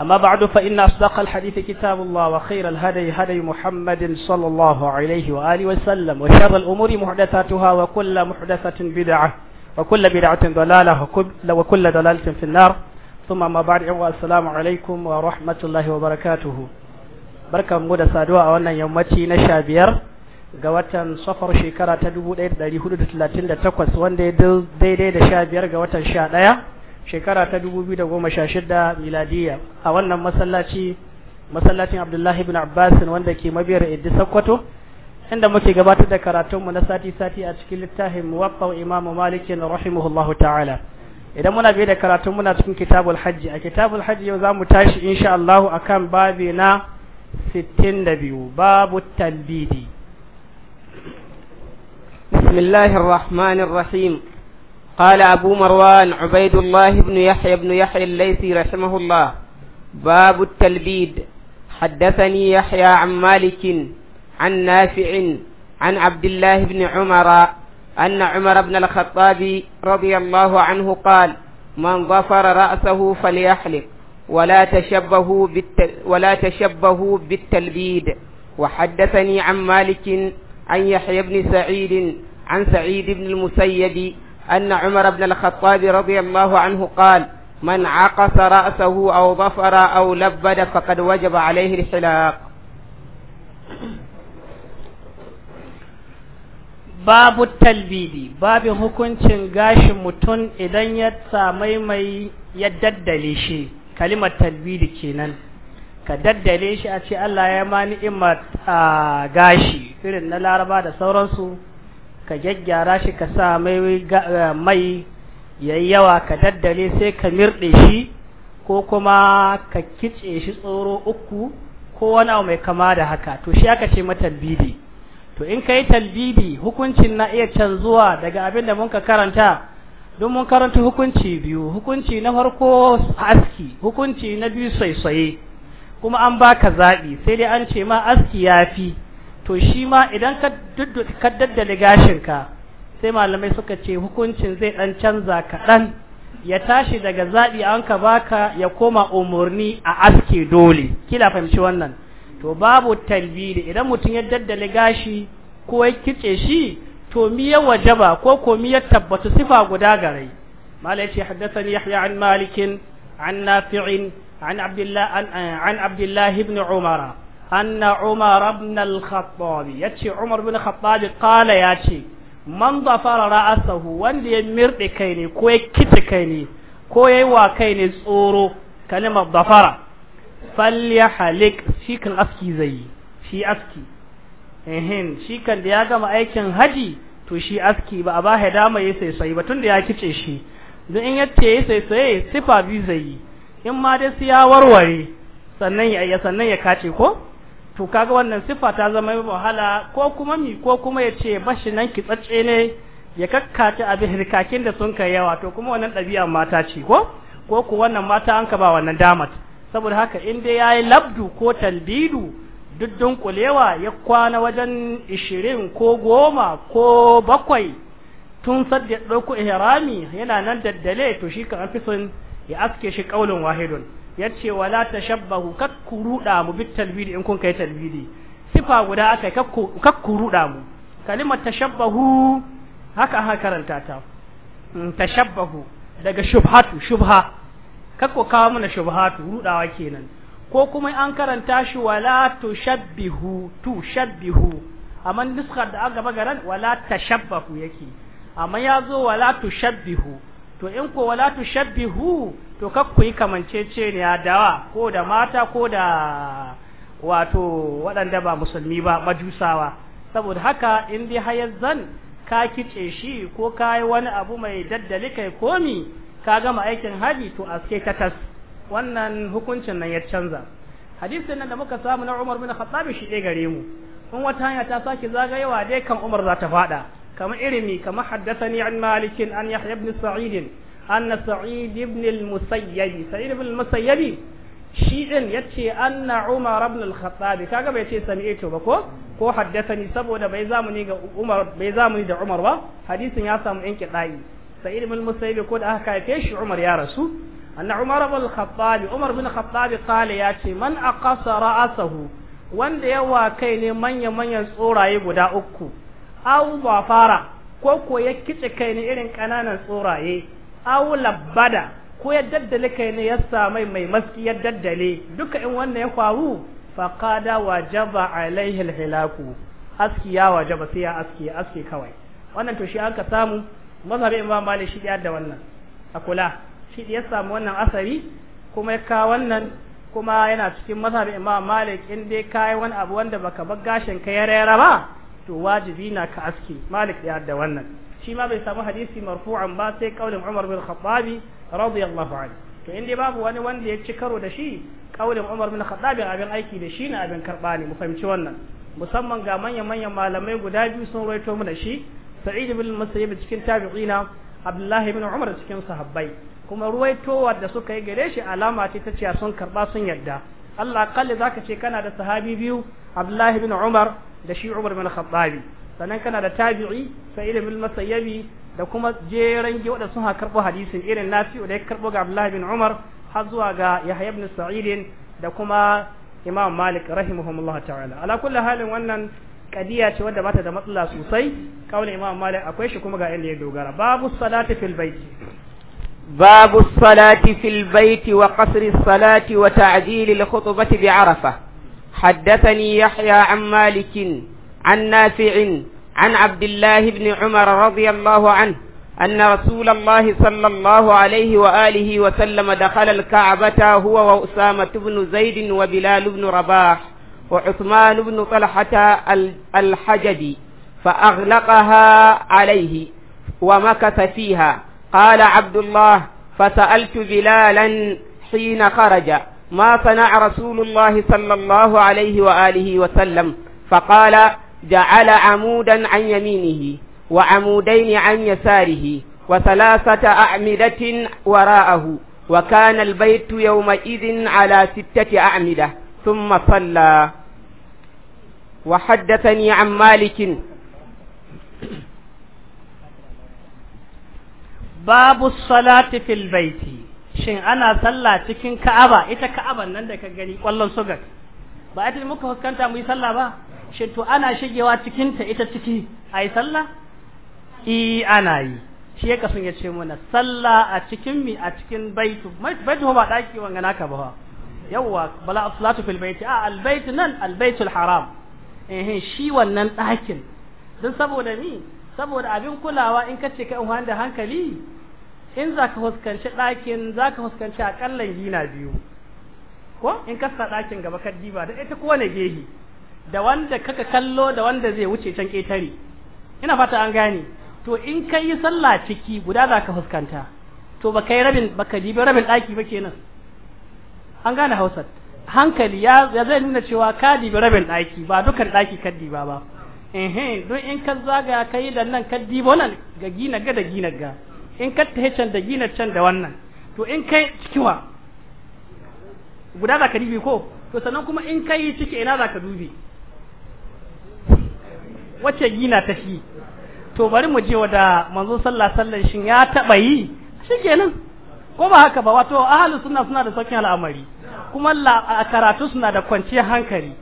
أما بعد فإن أصدق الحديث كتاب الله وخير الهدي هدي محمد صلى الله عليه وآله وسلم وشر الأمور محدثاتها وكل محدثة بدعة وكل بدعة ضلالة وكل ضلالة في النار ثم ما بعد السلام عليكم ورحمة الله وبركاته بركة مودة سادوة وانا يومتي نشابير ga watan safar shekara ta 1438 wanda ya daidai da 15 ga watan 11 shekara ta sha shida miladiya a wannan masallaci masallacin Abdullahi ibn Abbas wanda ke mabiyar Iddi Sakkwato inda muke gabatar da karatunmu na sati-sati a cikin littafin muwaffa Imam Malik rahimahullahu ta'ala idan muna biye da karatun muna cikin Kitabul Hajji a Kitabul Hajji yau za mu tashi insha Allah kan babi na 62 babu tambidi. بسم الله الرحمن قال أبو مروان عبيد الله بن يحيى بن يحيى الليثي رحمه الله باب التلبيد حدثني يحيى عن مالك عن نافع عن عبد الله بن عمر أن عمر بن الخطاب رضي الله عنه قال من ظفر رأسه فليحلق ولا تشبهوا ولا تشبهوا بالتلبيد وحدثني عن مالك عن يحيى بن سعيد عن سعيد بن المسيب أن عمر بن الخطاب رضي الله عنه قال من عقص رأسه أو ظفر أو لبد فقد وجب عليه الحلاق babu talbidi babin hukuncin gashin mutum idan ya samai mai ya daddale shi kalimar talbidi kenan ka daddale shi a ce Allah ya ma ni'imar ah, gashi irin na laraba da sauransu ka gyaggyara shi ka sa mai eh, mai yayi yawa ka daddare sai ka mirɗe shi ko kuma ka kice shi tsoro uku ko wani mai kama da haka to shi aka ce matalbidi to in ka yi talbidi hukuncin na iya canzuwa daga abin da mun ka karanta don mun karanta hukunci biyu hukunci na farko aski hukunci na biyu saisaye kuma an baka zaɓi sai dai an ce ma aski ya fi to shi ma idan ka daddale gashinka sai malamai suka ce hukuncin zai dan canza kaɗan ya tashi daga zaɓi an ka baka ya koma umarni a aske dole kila fahimci wannan to babu talbiri idan mutum ya daddale gashi ko ya kice shi to mi ya wajaba ko ko mi ya tabbatu sifa guda garai malai ce haddathani yahya an malikin an nafi'in an Abdullahi ibn umara anna umar ibn al-khattab yace umar ibn al-khattab qala yace man zafara ra'asahu wanda ya mirde kai ne ko ya kiti kai ne ko yayi wa kai ne tsoro kalima zafara falyahalik shi kan aski zai shi aski ehin shi ya gama aikin hajji to shi aski ba a ba ya dama ya sai sai ba tunda ya kice shi don in yace ya sai sai sifa bi zai in ma dai ya warware sannan ya sannan ya kace ko to kaga wannan siffa ta zama wahala ko kuma mi ko kuma ya ce bashi nan kitsacce ne ya kakkace abin hirkakin da sun kai yawa to kuma wannan ɗabi'a mata ce ko ko ku wannan mata an ka ba wannan damat saboda haka in dai yayi labdu ko talbidu duk dunkulewa ya kwana wajen ishirin ko goma ko bakwai tun sadda ɗauko ihrami yana nan daddale to shi kan fi son ya aske shi kaulin wahidun yace wala tashabbahu kakku ruda mu bit talbidi in kun kai talbidi sifa guda aka yi kakku ruda mu kalimar tashabbahu haka aka karanta ta mm, tashabbahu daga shubhatu shubha kakko kawo mana shubhatu rudawa kenan ko kuma an karanta shi wala tushabbihu tushabbihu amma nuskar da aka gaba garan wala tashabbahu yake amma ya zo wala tushabbihu to in ko wala tu shabbihu to kakku yi kamanceceniya dawa ko da mata ko da wato waɗanda ba musulmi ba majusawa saboda haka in dai hayar zan ka kice shi ko ka yi wani abu mai daddali kai komi ka gama aikin haji to aske ta tas wannan hukuncin nan ya canza hadisin nan da muka samu na Umar bin Khattab shi ɗaya gare mu in wata hanya ta sake zagayewa dai kan Umar za ta faɗa كما إرمي كما حدثني عن مالك أن يحيى بن سعيد أن سعيد بن المسيب سعيد بن المسيب ya ce anna umar ibn al-khattab kaga bai ce sami'tu ba ko ko haddathani saboda bai zamuni da umar ba hadisin ya samu in kidai sa'id ibn musayyib ko da aka kai shi umar ya rasu anna umar ibn al-khattab umar ibn al-khattab ya ce man aqasa ra'asahu wanda yawa kai ne manya manyan tsoraye guda uku aw zafara ko ko ya kice kai ne irin kananan tsoraye aw labbada ko ya daddale kai ne ya samai mai maski ya daddale duka in wannan ya faru faqada wajaba alaihi alhilaku aski ya wajaba sai ya aski aski kawai wannan to shi aka samu mazhabin imam malik shi da wannan a kula shi ya samu wannan asari kuma ya wannan kuma yana cikin mazhabin imam malik in dai kai wani abu wanda baka bar gashin ka ya rera ba to wajibi na ka aski malik ya da wannan shi ma bai samu hadisi marfu'an ba sai kaulin umar bin khattabi radiyallahu anhu to inda babu wani wanda ya ci karo da shi kaulin umar bin khattabi abin aiki da shi na abin karba ne mu fahimci wannan musamman ga manyan manyan malamai guda biyu sun rawaito mu da shi sa'id bin musayyib cikin tabi'ina abdullahi bin umar cikin sahabbai kuma ruwaitowa da suka yi gare shi alama ce ta cewa sun karba sun yarda Allah kalli ka ce kana da sahabi biyu Abdullahi bin Umar da shi Umar bin Khattabi sannan kana da tabi'i Sa'id bin Musayyabi da kuma jeran giwa su ha karbo hadisin irin Nafi'u da ya karbo ga Abdullah bin Umar har zuwa ga Yahya bin Sa'id da kuma Imam Malik rahimahumullah ta'ala ala kulli halin wannan kadiya ce wanda bata da matsala sosai kawai Imam Malik akwai shi kuma ga inda ya dogara babu salati fil baiti wa qasri salati wa ta'jil al khutbah bi arafah حدثني يحيى عن مالك عن نافع عن عبد الله بن عمر رضي الله عنه أن رسول الله صلى الله عليه وآله وسلم دخل الكعبة هو وأسامة بن زيد وبلال بن رباح وعثمان بن طلحة الحجبي فأغلقها عليه ومكث فيها قال عبد الله فسألت بلالا حين خرج ما صنع رسول الله صلى الله عليه وآله وسلم فقال جعل عمودا عن يمينه وعمودين عن يساره وثلاثة أعمدة وراءه وكان البيت يومئذ على ستة أعمدة ثم صلى وحدثني عن مالك باب الصلاة في البيت shin ana sallah cikin ka'aba ita ka'aban nan da ka gani kwallon sugar ba ita muka fuskanta mu yi sallah ba shin to ana shigewa cikin ta ita ciki a yi sallah i ana yi shi ya kasun ya ce mana sallah a cikin mi a cikin baitu baitu ba daki wanga naka ba yawwa bala as-salatu fil baiti a al-bait nan al-baitul haram eh shi wannan dakin dan saboda ni saboda abin kulawa in kace kai wanda hankali in za ka huskanci ɗakin za ka huskanci aƙallan hina biyu ko in kasa ɗakin gaba ka diba da ita kowane gehi da wanda kaka kallo da wanda zai wuce can ƙetare ina fata an gane to in ka yi sallah ciki guda za ka fuskanta to ba ka yi rabin ba ka dibi rabin ɗaki ba kenan an gane hausar hankali ya zai nuna cewa ka dibi rabin ɗaki ba dukkan ɗaki ka diba ba ehe don in ka zaga ka yi da nan ka diba wannan ga gina ga da gina ga in ka ta can da gina can da wannan to in kai cikiwa guda za ka dubi ko to sannan kuma in kai ciki ina za ka dubi wacce gina ta shi to bari mu je da manzo sallah sallan shin ya taba yi shi kenan ko ba haka ba wato ahlus sunna suna da sauƙin al'amari kuma karatu suna da kwanciyar hankali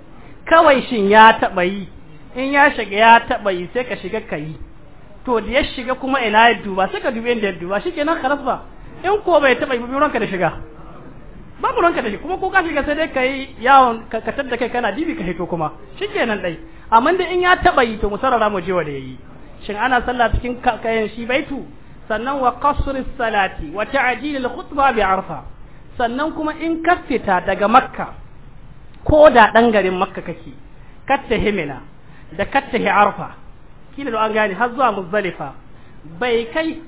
kawai shin ya taba yi in ya shiga ya taba yi sai ka shiga ka yi to da ya shiga kuma ina ya duba sai ka dubi inda ya duba shikenan karas ba in ko bai taba yi ranka da shiga ba mu ranka da shi kuma ko ka shiga sai dai ka yi yawon ka tadda kai kana dibi ka hito kuma shi kenan dai amma da in ya taba yi to musarara mu je wa ya yi shin ana sallah cikin kayan shi baitu sannan wa qasri salati wa ta'jil al-khutba bi arfa sannan kuma in ka fita daga makka ko da dan garin makka kake katta himina da katta arfa kila an gane har zuwa muzdalifa bai kai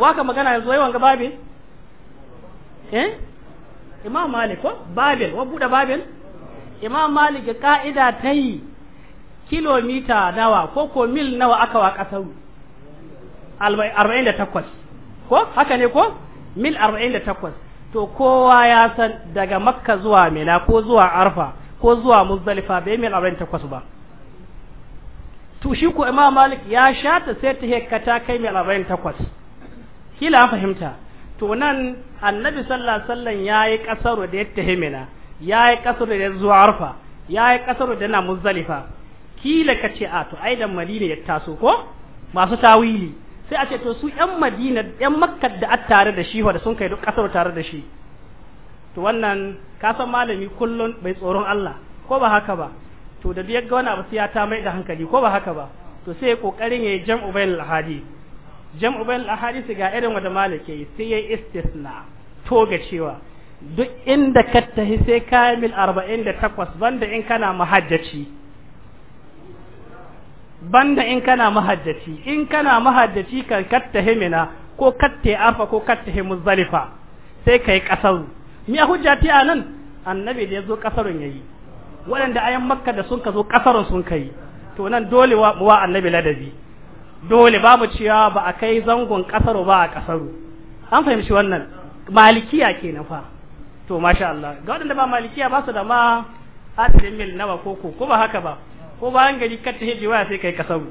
waka magana yanzu wai wanga babin eh imam malik ko babin wa buda babin imam malik ka'ida ta yi kilomita nawa ko ko mil nawa aka wa ƙasar 48 ko haka ne ko mil 48 to kowa ya san daga makka zuwa mina ko zuwa arfa ko zuwa muzdalifa bai mil 48 ba to shi ko imam malik ya shata sai ta hekata kai mai arba'in takwas kila fahimta to nan annabi sallallahu alaihi wasallam yayi kasaro da yatta himina yayi kasaro da zuwa arfa yayi kasaro da na muzdalifa kila kace a to aidan madina ya taso ko masu tawili sai a ce to su yan madina yan makka da a tare da shi wanda sun kai duk kasaro tare da shi to wannan ka san malami kullun bai tsoron Allah ko ba haka ba to da biyar ga wani abu sai ya ta mai da hankali ko ba haka ba to sai ya kokarin ya jam'u bayan ahadi jam'u bayan ahadi su ga irin wanda malike sai ya istisna to ga cewa duk inda ka tahi sai kamil mil banda in kana muhajjaci banda in kana muhajjaci in kana muhajjaci kan kattahi himina ko katta afa ko kattahi muzdalifa sai kai kasaru mi hujjati a anan annabi da yazo kasarun yayi waɗanda ayan makka da sun kazo zo sun kai to nan dole wa annabi ladabi dole babu cewa ba a kai zangon kasar ba a ƙasaru an fahimci wannan malikiya kenan fa to masha Allah ga waɗanda ba malikiya ba su da ma hadirin mil nawa ko ko ba haka ba ko bayan gari ka ta waya sai kai ƙasaru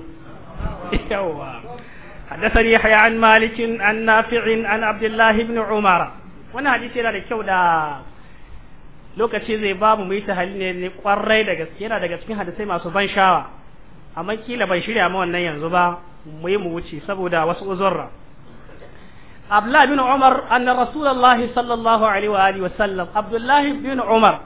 yawa حدثني يحيى عن مالك عن نافع عن عبد الله بن عمر وانا حديث kyau da. lokaci zai babu mu yi tahali ne ne kwarai da gaske yana daga cikin hadisai masu ban shawa amma kila ban shirya ma wannan yanzu ba mu yi mu wuce saboda wasu uzurra Abdullah bin Umar anna Rasulullah sallallahu alaihi wa alihi wa sallam Abdullah bin Umar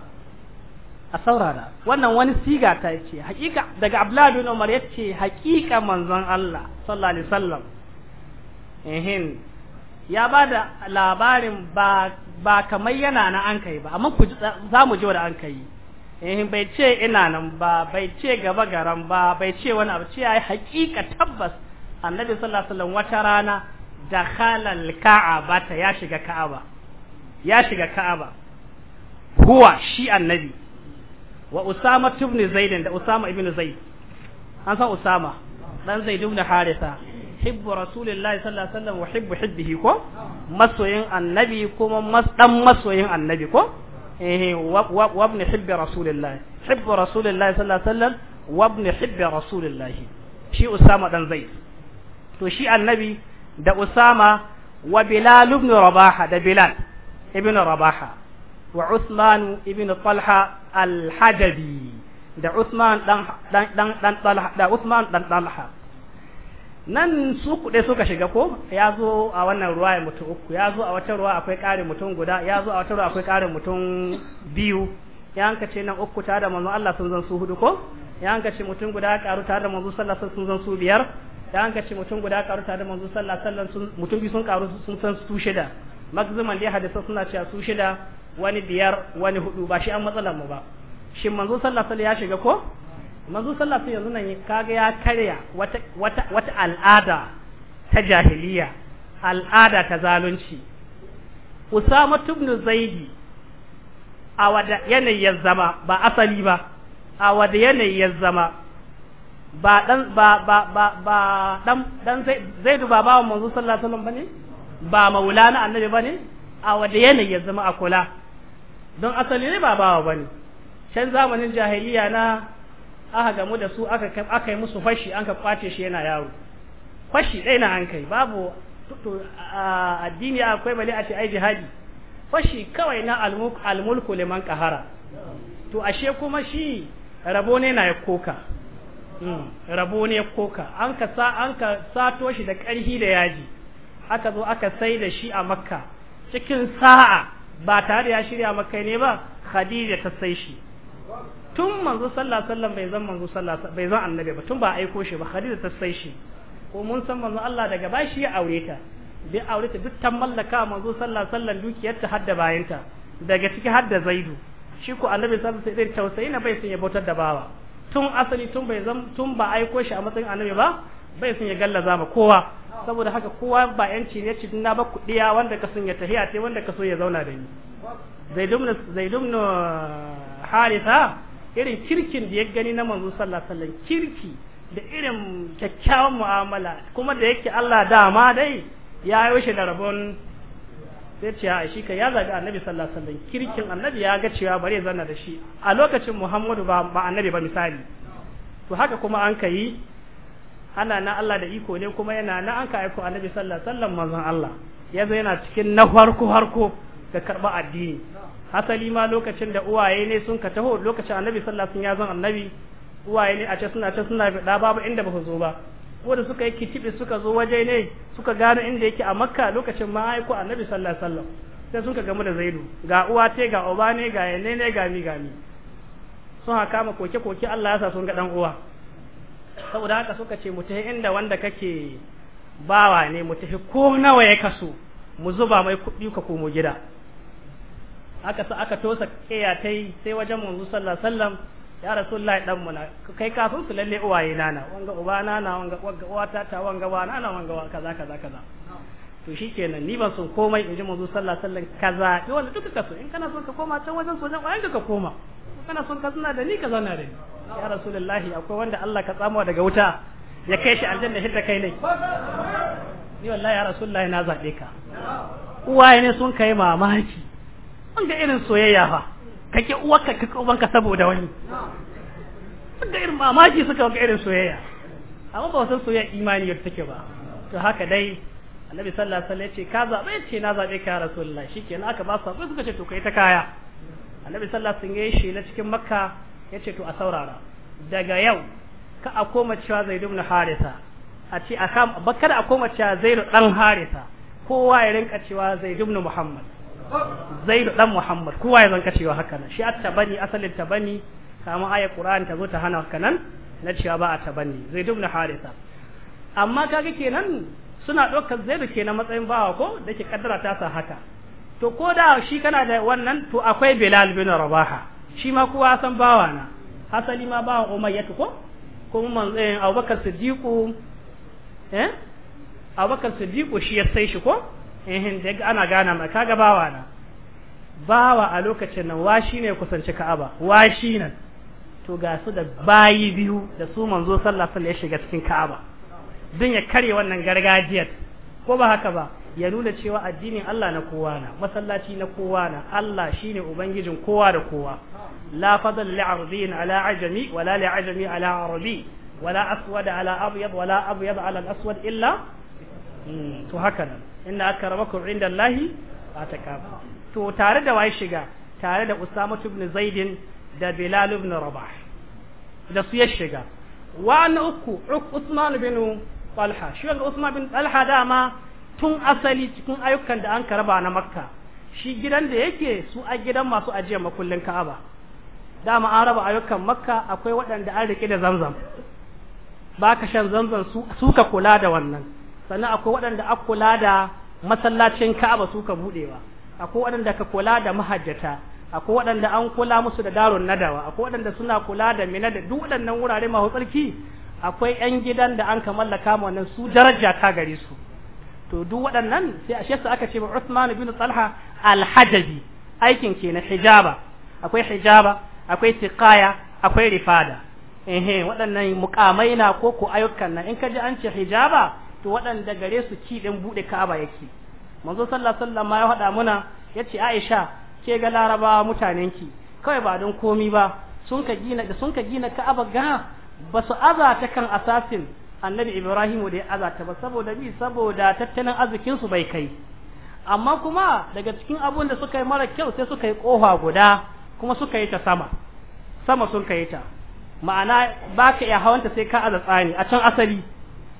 a saurara wannan wani siga ta ce hakika daga Abdullah bin Umar yace hakika manzon Allah sallallahu alaihi wasallam ehin ya ba da labarin ba kamar yana na an kai ba amma za mu ji da an kai eh bai ce ina nan ba bai ce gaba garan ba bai ce wani abu ce yi hakika tabbas annabi sallallahu wata rana da al-ka'aba ta ya shiga ka'aba ya shiga ka'aba huwa shi annabi wa usama tubni zaidin da usama ibn zaid an san usama dan zaid ibn harisa hibbu rasulillahi sallallahu alaihi wasallam wa hibbu hibbihi ko masoyin annabi kuma mas dan masoyin annabi ko eh wa ibn hibbi rasulillahi hibbu rasulillahi sallallahu alaihi wasallam wa ibn hibbi rasulillahi shi usama dan zaid to shi annabi da usama wa bilal ibn rabaha da bilal ibn rabaha wa usman ibn talha al-hadabi da usman dan dan dan talha da usman dan talha nan su kuɗe suka shiga ko ya zo a wannan ruwa ya mutum uku ya zo a wata ruwa akwai ƙarin mutum guda ya zo a wata ruwa akwai ƙarin mutum biyu ya hanka ce nan uku tare da manzo Allah sun zan su hudu ko ya hanka ce mutum guda ƙaru tare da manzo sallallahu sun zan su biyar ya hanka ce mutum guda ƙaru tare da manzo sallallahu sun mutum biyu sun ƙaru sun san su shida maximum dai hadisa suna cewa su shida wani biyar wani hudu ba shi an matsalar mu ba shin manzo sallallahu alaihi ya shiga ko manzo sallallahu alaihi wasallam yanzu nan kaga ya karya wata wata wata al'ada ta jahiliya al'ada ta zalunci Usama ibn Zaidi a wada ya zama ba asali ba a wada ya zama ba dan ba ba ba ba dan dan Zaidu ba bawan manzo sallallahu alaihi wasallam bane ba maulana annabi bane a wada ya zama a kula don asali ne ba bawa bane can zamanin jahiliya na aka gamu da su aka yi musu fashi an ka kwace shi yana yaro fashi ɗaya na hankali babu to addini akwai bale a ce ai jihadi fashi kawai na almulku liman kahara to ashe kuma shi rabo ne na ya koka hmm, rabo ne koka an ka an ka sato shi da karhi da yaji aka zo aka sai da shi a makka cikin sa'a ba tare ya shirya makka ne ba khadija ta sai shi tun manzo sallallahu alaihi bai zan manzo sallallahu bai zan annabi ba tun ba aiko shi ba Khadija ta sai shi ko mun san manzo Allah daga bashi ya aure ta bai aure ta duk ta mallaka manzo sallallahu alaihi dukiyar ta hadda ta daga ciki hadda Zaidu shi ko annabi sallallahu alaihi tausayi na bai sun ya bautar da bawa tun asali tun bai zan tun ba aiko shi a matsayin annabi ba bai sun ya gallaza ba kowa saboda haka kowa ba yanci ne ci na ba kudiya wanda ka sun ya tahiya sai wanda ka so ya zauna da ni zaidum zaidum no haritha irin kirkin da ya gani na manzo sallallahu alaihi kirki da irin kyakkyawan mu'amala kuma da yake Allah dama dai ya yi shi da rabon sai ce a shi ka ya zaga annabi sallallahu alaihi kirkin annabi ya ga cewa bare zanna da shi a lokacin Muhammadu ba ba annabi ba misali to haka kuma an kai ana na Allah da iko ne kuma yana na an ka aiko annabi sallallahu alaihi wasallam manzon Allah yazo yana cikin na farko farko ga karba addini hasali ma lokacin da uwaye ne sun ka taho lokacin annabi sallallahu alaihi wasallam ya zan annabi uwaye ne a ce suna ta suna da babu inda ba su zo ba ko da suka yi kitibi suka zo waje ne suka gano inda yake a makka lokacin ma aiko annabi sallallahu alaihi wasallam sai suka gamu da zaidu ga uwa te ga uba ne ga yanne ne ga mi ga mi sun ha kama koke koke Allah ya sa sun ga dan uwa saboda haka suka ce mu tafi inda wanda kake bawa ne mu tafi ko nawa ya kaso mu zuba mai kuɗi ka komo gida aka sa aka tosa ta yi sai wajen manzo sallallahu alaihi wasallam ya rasulullahi dan mu na kai kafin su lalle uwaye nana wanga uba nana wanga wanga uwata ta wanga ba nana wanga kaza kaza kaza to shikenan ni ban son komai in ji manzo sallallahu alaihi wasallam kaza ni wanda duka so in kana son ka koma can wajen sojan uwayen ka koma kana son ka suna da ni ka zauna da ni ya rasulullahi akwai wanda Allah ka tsamo daga wuta ya kai shi aljanna hidda kai ne ni wallahi ya rasulullahi na zabe ka uwaye ne sun kai mamaki an ga irin soyayya fa kake uwarka kake ubanka saboda wani ga irin mamaki suka ga irin soyayya amma ba wasan soyayya imani yadda take ba to haka dai annabi sallallahu alaihi wasallam ya ce ka zabe ce na zabe ka rasulullah shikenan aka ba su abu suka ce to kai ta kaya annabi sallallahu alaihi wasallam ya shi na cikin makka ya ce to a saurara daga yau ka a koma cewa zaid ibn harisa a ce a kam bakkar a koma cewa zaid dan harisa kowa ya rinka cewa zaid ibn muhammad zaidu dan muhammad kowa ya zanka cewa haka nan shi a tabani asalin tabani kama aya qur'an ta zo ta hana haka nan na cewa ba a tabani zaidu ibn harisa amma kaga kenan suna ɗaukar zaidu kenan matsayin bawa ko da ke kaddara ta sa haka to ko da shi kana da wannan to akwai bilal bin rabaha shi ma kowa san bawa na asali ma bawan umayyatu ko kuma manzon eh, abubakar siddiqu eh abubakar siddiqu shi ya sai shi ko ehin da ana gana ma kaga bawa na bawa a lokacin nan washi ne kusanci Ka'aba shi nan to ga su da bayi biyu da su manzo sallallahu alaihi ya shiga cikin Ka'aba don ya kare wannan gargajiyar ko ba haka ba ya nuna cewa addinin Allah na kowa na masallaci na kowa na Allah shine ubangijin kowa da kowa la fadl li arabiyyin ala ajami wala li ajami ala arabi wala aswad ala abyad wala abyad ala aswad illa to haka nan inna a ta kafa to tare da waye shiga tare da Usama ibn Zaid da Bilal ibn Rabah da su ya shiga wa an uku Usman bin Talha shi ga Usman bin Talha dama tun asali cikin ayyukan da an karaba na Makka shi gidan da yake su a gidan masu ajiyar makullin Ka'aba dama an raba ayyukan Makka akwai waɗanda an rike da Zamzam baka shan Zamzam su ka kula da wannan sannan akwai waɗanda a kula da masallacin Ka'aba su ka budewa akwai waɗanda ka kula da mahajjata akwai waɗanda an kula musu da darun nadawa akwai waɗanda suna kula da mina da duk waɗannan wurare masu tsarki akwai ƴan gidan da an ka mallaka ma wannan su daraja ta gare su to duk waɗannan sai a shesa aka ce ba Uthman bin Talha al-Hajabi aikin ke na hijaba akwai hijaba akwai tiqaya akwai rifada ehe waɗannan mukamai na ko ko ayyukan nan in ka ji an ce hijaba to waɗanda gare su ci ɗin buɗe ka'aba yake manzo sallallahu alaihi wasallam ya faɗa muna yace Aisha ke ga Larabawa mutanen ki kawai ba don komi ba sun ka gina da sun ka gina ka'aba ga ba su aza ta kan asasin annabi Ibrahim da ya azata ba saboda bi saboda tattalin arzikin su bai kai amma kuma daga cikin abun da suka yi mara kyau sai suka yi kofa guda kuma suka yi ta sama sama sun kai ta ma'ana baka iya hawanta sai ka aza tsani a can asali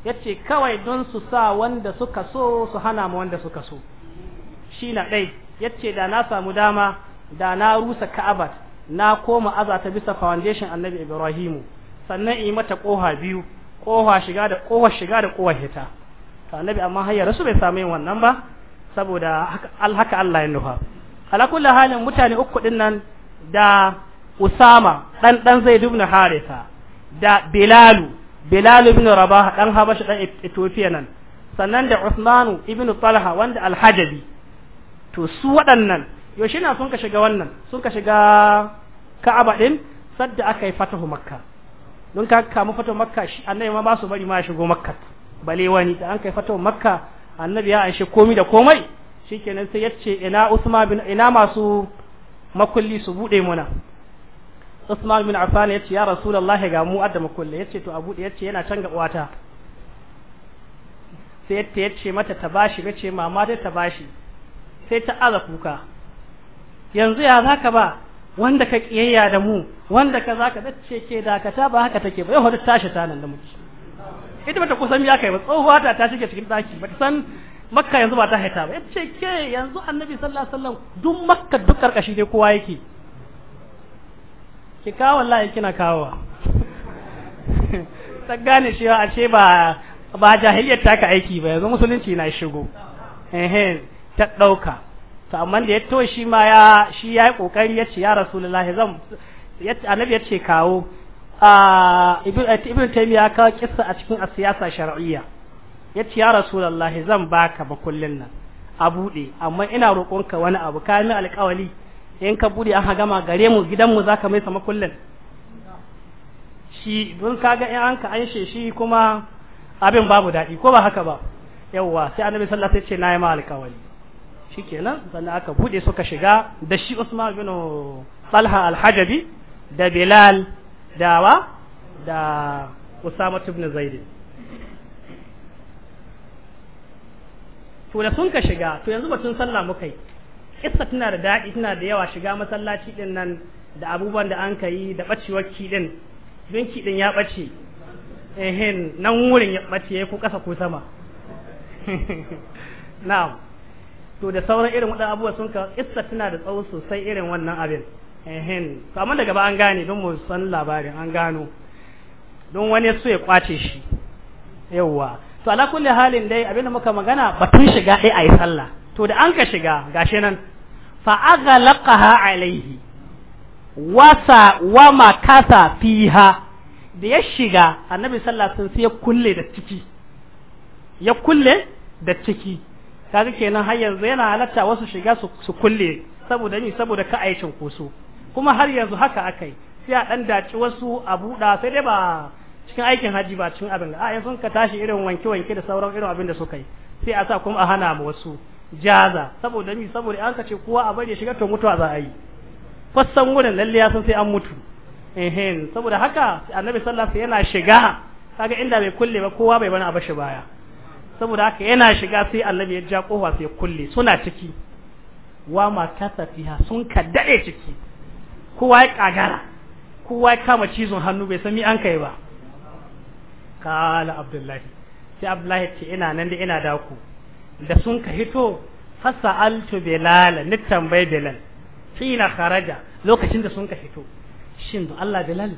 yace kawai don su sa wanda suka so su hana mu wanda suka so shi na ɗai yace da na samu dama da na rusa ka'abat na koma ta bisa foundation annabi ibrahimu sannan yi mata koha biyu koha shiga da koha shiga da koha hita to annabi amma har rasu bai samu yin wannan ba saboda alhaka Allah ya nufa ala kullu halin mutane uku din nan da Usama dan dan Zaid ibn Haritha da Bilalu bilal ibn rabah dan habashi dan ethiopia nan sannan da usmanu ibn talha wanda alhajabi to su waɗannan yaushe na sun ka shiga wannan sun ka shiga ka'aba din sadda aka yi fatahu makka don ka kama fatahu makka shi annabi ma ba su bari ma shigo makka bale wani da an kai fatahu makka annabi ya anshe komi da komai shikenan sai yace ina usman bin ina masu makulli su bude muna Usman bin Affan yace ya Rasulullah ga mu adda kulle yace to Abu yace yana can ga uwata sai ta yace mata ta bashi yace mama ta ta bashi sai ta aza kuka yanzu ya zaka ba wanda ka kiyayya da mu wanda ka zaka dace ke dakata ba haka take ba yau da tashi ta nan da muke ita bata kusan ya kai ba tsohuwa ta ta shige cikin daki bata san makka yanzu ba ta haita ba yace ke yanzu annabi sallallahu alaihi wasallam duk makka duk karkashi dai kowa yake ki kawo wallahi kina kawo ta gane shi a ce ba ba jahiliyar ta ka aiki ba yanzu musulunci na shigo eh ta dauka to amma da ya to shi ma ya shi yayi kokari ya ce ya rasulullahi zan annabi ya ce kawo a ibn taymiya ya kissa a cikin siyasa shar'iyya ya ce ya rasulullahi zan baka ba kullun nan a buɗe amma ina roƙonka wani abu ka yi alƙawali in ka bude an hagama gare mu gidan mu zaka mai sama kullun shi don kaga in an ka anshe shi kuma abin babu daɗi ko ba haka ba yawwa sai annabi sallallahu alaihi wasallam ya ce na yi ma alƙawari shikenan sannan aka bude suka shiga da shi Usman bin Talha alhajabi da Bilal dawa da Usama ibn Zaid to da sun ka shiga to yanzu batun sallah muka yi kissa tana da daɗi tana da yawa shiga masallaci din nan da abubuwan da an ka yi da ɓacewar kiɗin don kiɗin ya ɓace ehen nan wurin ya ɓace ya ko ƙasa ko sama na'am to da sauran irin waɗannan abubuwa sun ka kissa tana da tsawo sosai irin wannan abin ehen to amma daga ba an gane don mu san labarin an gano don wani so ya kwace shi yawwa to ala kulli halin dai abinda muka magana batun shiga dai sallah to da an ka shiga gashi nan fa aghlaqaha alaihi wasa wa makasa fiha da ya shiga annabi sallallahu alaihi ya kulle da ciki ya kulle da ciki kaga kenan har yanzu yana halatta wasu shiga su, kulle saboda ni saboda ka aicin kusu kuma har yanzu haka akai sai a dan daci wasu a buɗa sai dai ba cikin aikin haji ba cikin abin a yanzu ka tashi irin wanke wanke da sauran irin abin da suka yi sai a sa kuma a hana mu wasu jaza saboda ni saboda an kace kowa a bari ya shiga to mutuwa za a yi fassan wurin lalle ya san sai an mutu ehen saboda haka annabi sallallahu alaihi yana shiga kaga inda bai kulle ba kowa bai bani a bashi baya saboda haka yana shiga sai annabi ya ja kofa sai kulle suna ciki wa ma kasafiha sun kaddade ciki kowa ya kagara kowa ya kama cizon hannu bai san an kai ba kala abdullahi sai abdullahi ce ina nan da ina dako da sun ka hito fasa fasa'altu bilal ni tambayi bilal fina kharaja lokacin da sun ka hito shin da Allah bilal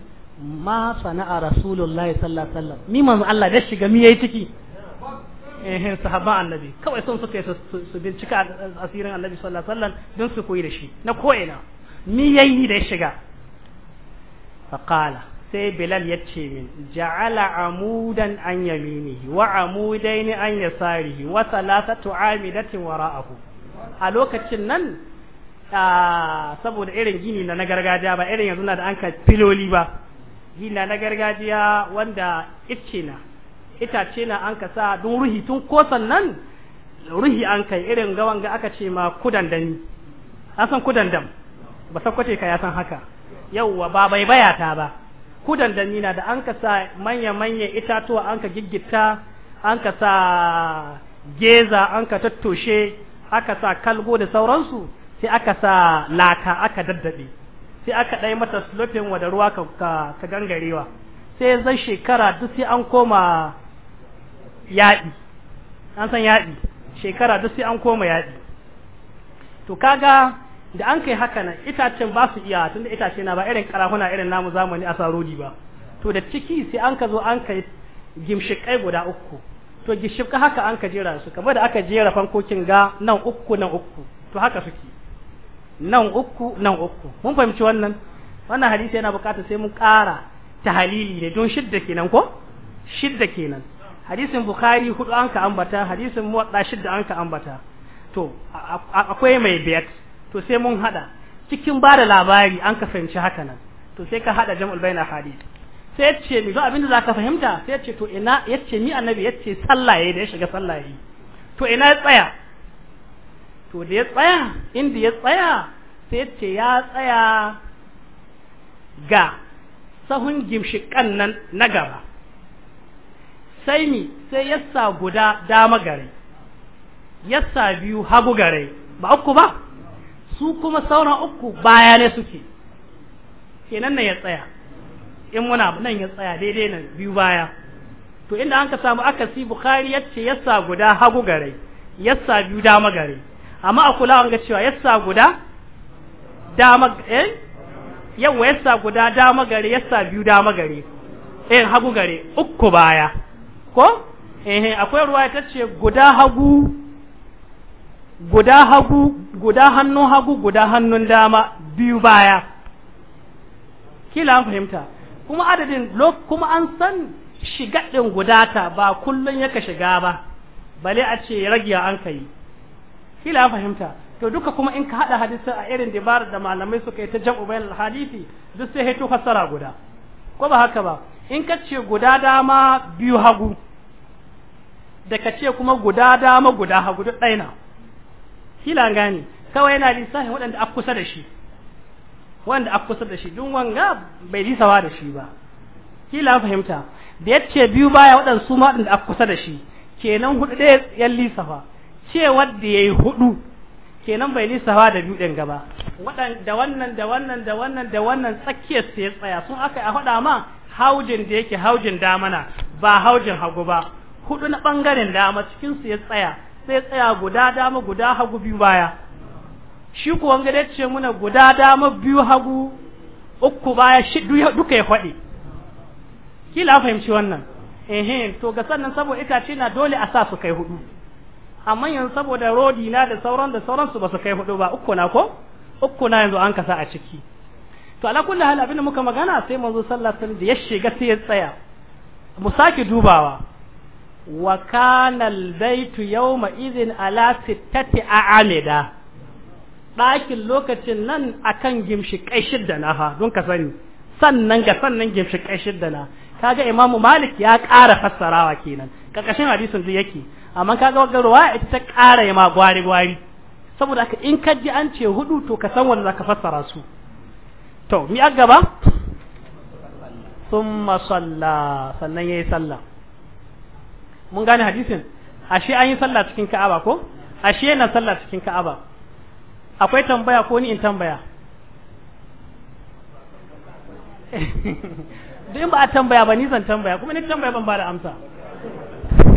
ma sana'a rasulullahi sallallahu alaihi wasallam mi manzo Allah da shiga mi yayi ciki eh sahaba annabi kawai sun suka su bincika asirin annabi sallallahu alaihi wasallam don su koyi da shi na ko'ina mi yayi da shiga faqala sai bilal ya ce min ja'ala amudan an yaminihi wa amudain an yasarihi wa salasatu amidatin wara'ahu a lokacin nan saboda irin gini na na gargajiya ba irin yanzu na da an ka filoli ba gini na na gargajiya wanda icce na itace na an ka sa don ruhi tun kosan nan ruhi an kai irin gawan ga aka ce ma kudan asan an san kudan ba sakwace ka ya san haka yauwa ba bai bayata ba kudan da nina da an ka sa manya-manya itatuwa an ka giggita an ka sa geza an ka tattoshe aka sa kalgo da sauransu sai aka sa laka aka daddade sai aka ɗai mata slopin wa da ruwa ka, gangarewa sai zai shekara duk sai an koma yaɗi an san yaɗi shekara duk sai an koma yaɗi to kaga da an kai haka nan itacen ba su iya tunda itace na ba irin karahuna irin namu zamani a sarodi ba to da ciki sai an ka zo an kai gimshikai guda uku to gishibka haka an ka jera su kamar da aka jera fankokin ga nan uku nan uku to haka suke nan uku nan uku mun fahimci wannan wannan hadisi yana bukata sai mun ƙara halili ne don shidda kenan ko shidda kenan hadisin bukhari hudu an ka ambata hadisin muwadda shidda an ka ambata to akwai mai biyar. to sai mun hada cikin ba da labari an ka fahimci haka nan to sai ka hada jam'ul baina hadith sai ya ce mi don abin da za ka fahimta sai ya ce to ina ya ce ni annabi ya ce sallaye da ya shiga sallaye to ina ya tsaya to da ya tsaya inda ya tsaya sai ya ce ya tsaya ga sahun gimshikan nan na gaba sai mi sai yassa guda dama gare yassa biyu hagu gare ba uku ba su kuma sauran uku baya ne suke kenan nan ya tsaya in muna nan ya tsaya daidai nan biyu baya to inda an ka samu akasi bukhari yace yassa guda hagu gare yassa biyu dama gare amma a kula an ga cewa yassa guda dama eh yawa yassa guda dama gare yassa biyu dama gare eh hagu gare uku baya ko eh akwai ruwa ta ce guda hagu guda hagu guda hannun hagu guda hannun dama biyu baya kila an fahimta kuma adadin kuma an san shiga ɗin gudata ba kullum yaka shiga ba bale a ce rage an kai kila an fahimta to duka kuma in ka hada hadisi a irin dabarar da malamai suka yi ta jam'u bayan hadisi duk sai hito fassara guda ko ba haka ba in ka ce guda dama biyu hagu da ka ce kuma guda dama guda hagu duk ɗaya kila gani kawai yana lissafin waɗanda a kusa da shi wanda a kusa da shi dun wanga bai lissawa da shi ba kila fahimta da yace biyu baya waɗansu ma waɗanda a kusa da shi kenan hudu ɗaya ya lisafa ce wadda yayi hudu kenan bai lisafa da biyu ɗin gaba da wannan da wannan da wannan da wannan tsakiyar sai ya tsaya sun aka a faɗa ma haujin da yake haujin damana ba haujin hagu ba hudu na ɓangaren dama cikin su ya tsaya sai tsaya guda dama guda hagu biyu baya shi kuwa gada ce muna guda dama biyu hagu uku baya shi duka ya faɗi kila fahimci wannan ehe to ga sannan saboda itace na dole a sa su kai hudu amma yanzu saboda rodi na da sauran da sauransu ba su kai hudu ba uku na ko uku na yanzu an kasa a ciki to ala kulli hal abinda muka magana sai manzo sallallahu alaihi wasallam da ya shiga sai ya tsaya mu sake dubawa wa kana albaytu yawma idhin ala sittati a'amida ɗakin lokacin nan akan gimshi kai shidda na ha don ka sani sannan ga sannan gimshi kai shidda na kaga imamu malik ya ƙara fassarawa kenan kakashin hadisin zai yake amma kaga wannan ruwa ita ta ƙara ma gwari gwari saboda ka in ka ji an ce hudu to ka san wanda zaka fassara su to mi gaba summa salla sannan yayi sallah mun gane hadisin ashe an yi sallah cikin ka'aba ko ashe yana sallah cikin ka'aba akwai tambaya ko ni in tambaya duk in ba a tambaya ba ni zan tambaya kuma ni tambaya ban ba da amsa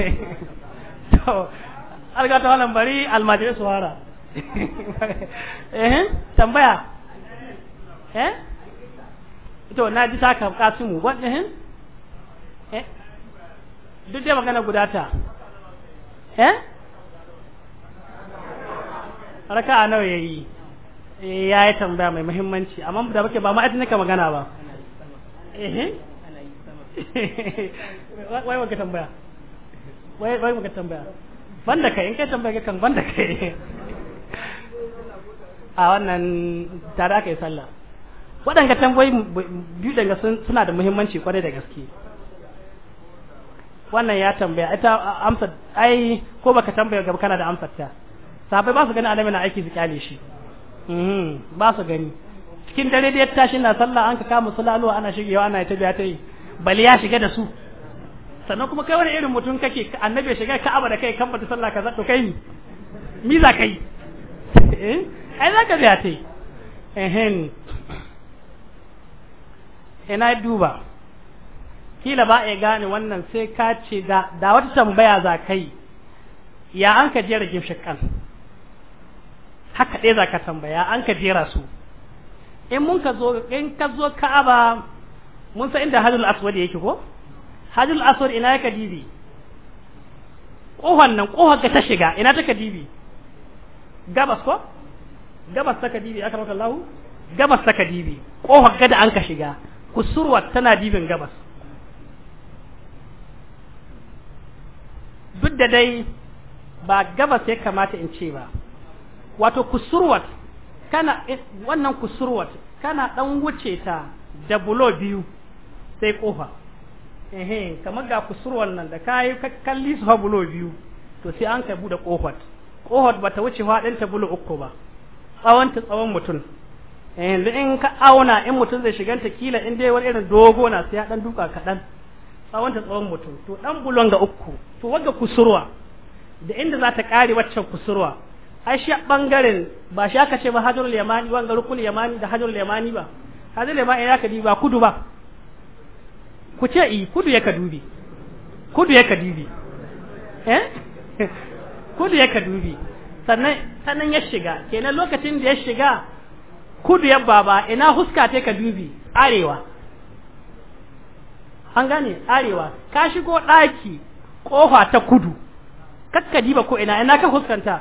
to alga ta wannan bari almajirai su fara eh tambaya eh to na ji ta kasimu what eh, eh? duk dai magana guda ta eh a nawa yayi eh, ya yi tambaya mai muhimmanci amma da muke ba ma'aikin nake magana ba eh wai maka tambaya wai wai maka tambaya da kai in kai tambaya kan da kai a wannan tare aka yi sallah waɗanda tambayoyi biyu daga suna da muhimmanci kwarai da gaske wannan ya tambaya ita amsa ai ko baka tambaya gaba kana da amsar ta sahabbai ba su gani alamin aiki su kyale shi mhm ba su gani cikin dare da ya tashi na sallah an ka kama su lalowa ana shigewa ana ya biya ta yi bali ya shiga da su sannan kuma kai wani irin mutum kake annabi ya shiga ka'aba da kai kan fata sallah ka zato kai mi za kai yi eh, ai za ka biya ta yi ina duba kila ba ya gane wannan sai ka ce da da wata tambaya za ka yi ya an ka jera gimshikan haka ɗaya za ka tambaya an ka jera su in mun ka zo in ka zo ka'aba mun san inda hajjul aswad yake ko hajjul aswad ina yake dibi kohon nan kohon ka ta shiga ina ta ka dibi gabas ko gabas ta ka dibi aka rauka lahu gabas ta ka dibi kohon gada an ka shiga kusurwa tana dibin gabas da dai ba gabas ya kamata in ce ba wato kusurwat kana eh, wannan kusurwat kana dan wuce ta da bulo biyu sai kofa ehe kamar ga kusurwar nan da kayi kalli su bulo biyu to sai an kai bude kofar kofar ta wuce faɗin ta bulo uku ba tsawon ta tsawon mutum yanzu in ka auna in mutum zai shiganta kila in dai wani irin dogo na sai ya dan duka kaɗan tsawon ta tsawon mutum to dan bulon ga uku to wanda kusurwa da inda za ta kare waccan kusurwa ai shi bangaren ba shi aka ce ba hajjul yamani wanga rukul yamani da hajjul yamani ba hajjul yamani ya ka ba kudu ba ku ce i eh, kudu ya ka dubi kudu ya ka dubi eh kudu ya ka dubi sannan sannan ya shiga kenan lokacin da ya shiga kudu ya baba ina huska ta ka dubi arewa an gane arewa ka shigo ɗaki ƙofa ta kudu kakka diba ko ina ina ka huskanta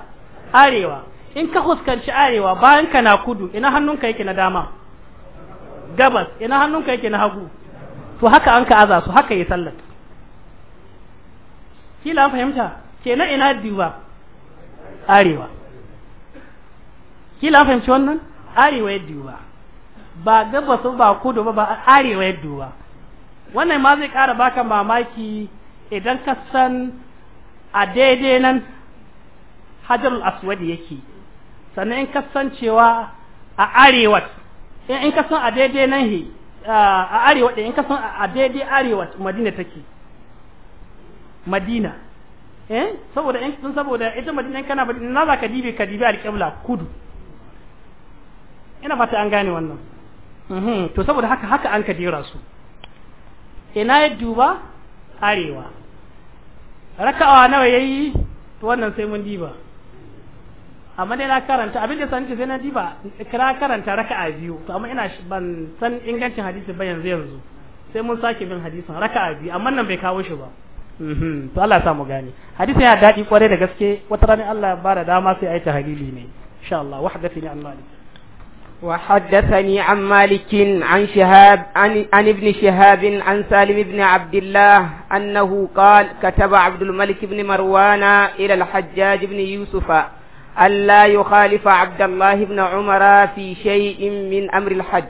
arewa in ka huskanci arewa bayan ka na kudu ina hannunka yake na dama gabas ina hannunka yake na hagu to haka an ka aza su haka yi sallar kila an fahimta kenan ina diba arewa kila an fahimci wannan arewa ya diba ba gabas ba kudu ba ba arewa ya diba wannan ma zai ƙara baka mamaki idan ka san a daidai nan hajarul aswad yake sannan in ka san cewa a arewa in ka san a daidai nan he a arewa in ka san a daidai arewa madina take madina eh saboda in sun saboda ita madina in kana madina na ka dibe ka dibe alƙibla kudu ina fata an gane wannan mhm. to saboda haka haka an kadira su ina ya duba arewa raka'a nawa yayi to wannan sai mun diba amma dai na karanta abin da sanci sai na diba kira karanta raka'a biyu to amma ina ban san ingancin hadisi ba yanzu yanzu sai mun sake bin hadisin raka'a biyu amma nan bai kawo shi ba mhm, to Allah ya samu gane hadisin ya daɗi kwarai da gaske wata rana Allah ya bada dama sai ayi tahlili ne insha Allah wahdathani an malik وحدثني عن مالك عن شهاب عن, عن ابن شهاب عن سالم بن عبد الله أنه قال كتب عبد الملك بن مروان إلى الحجاج بن يوسف ألا يخالف عبد الله بن عمر في شيء من أمر الحج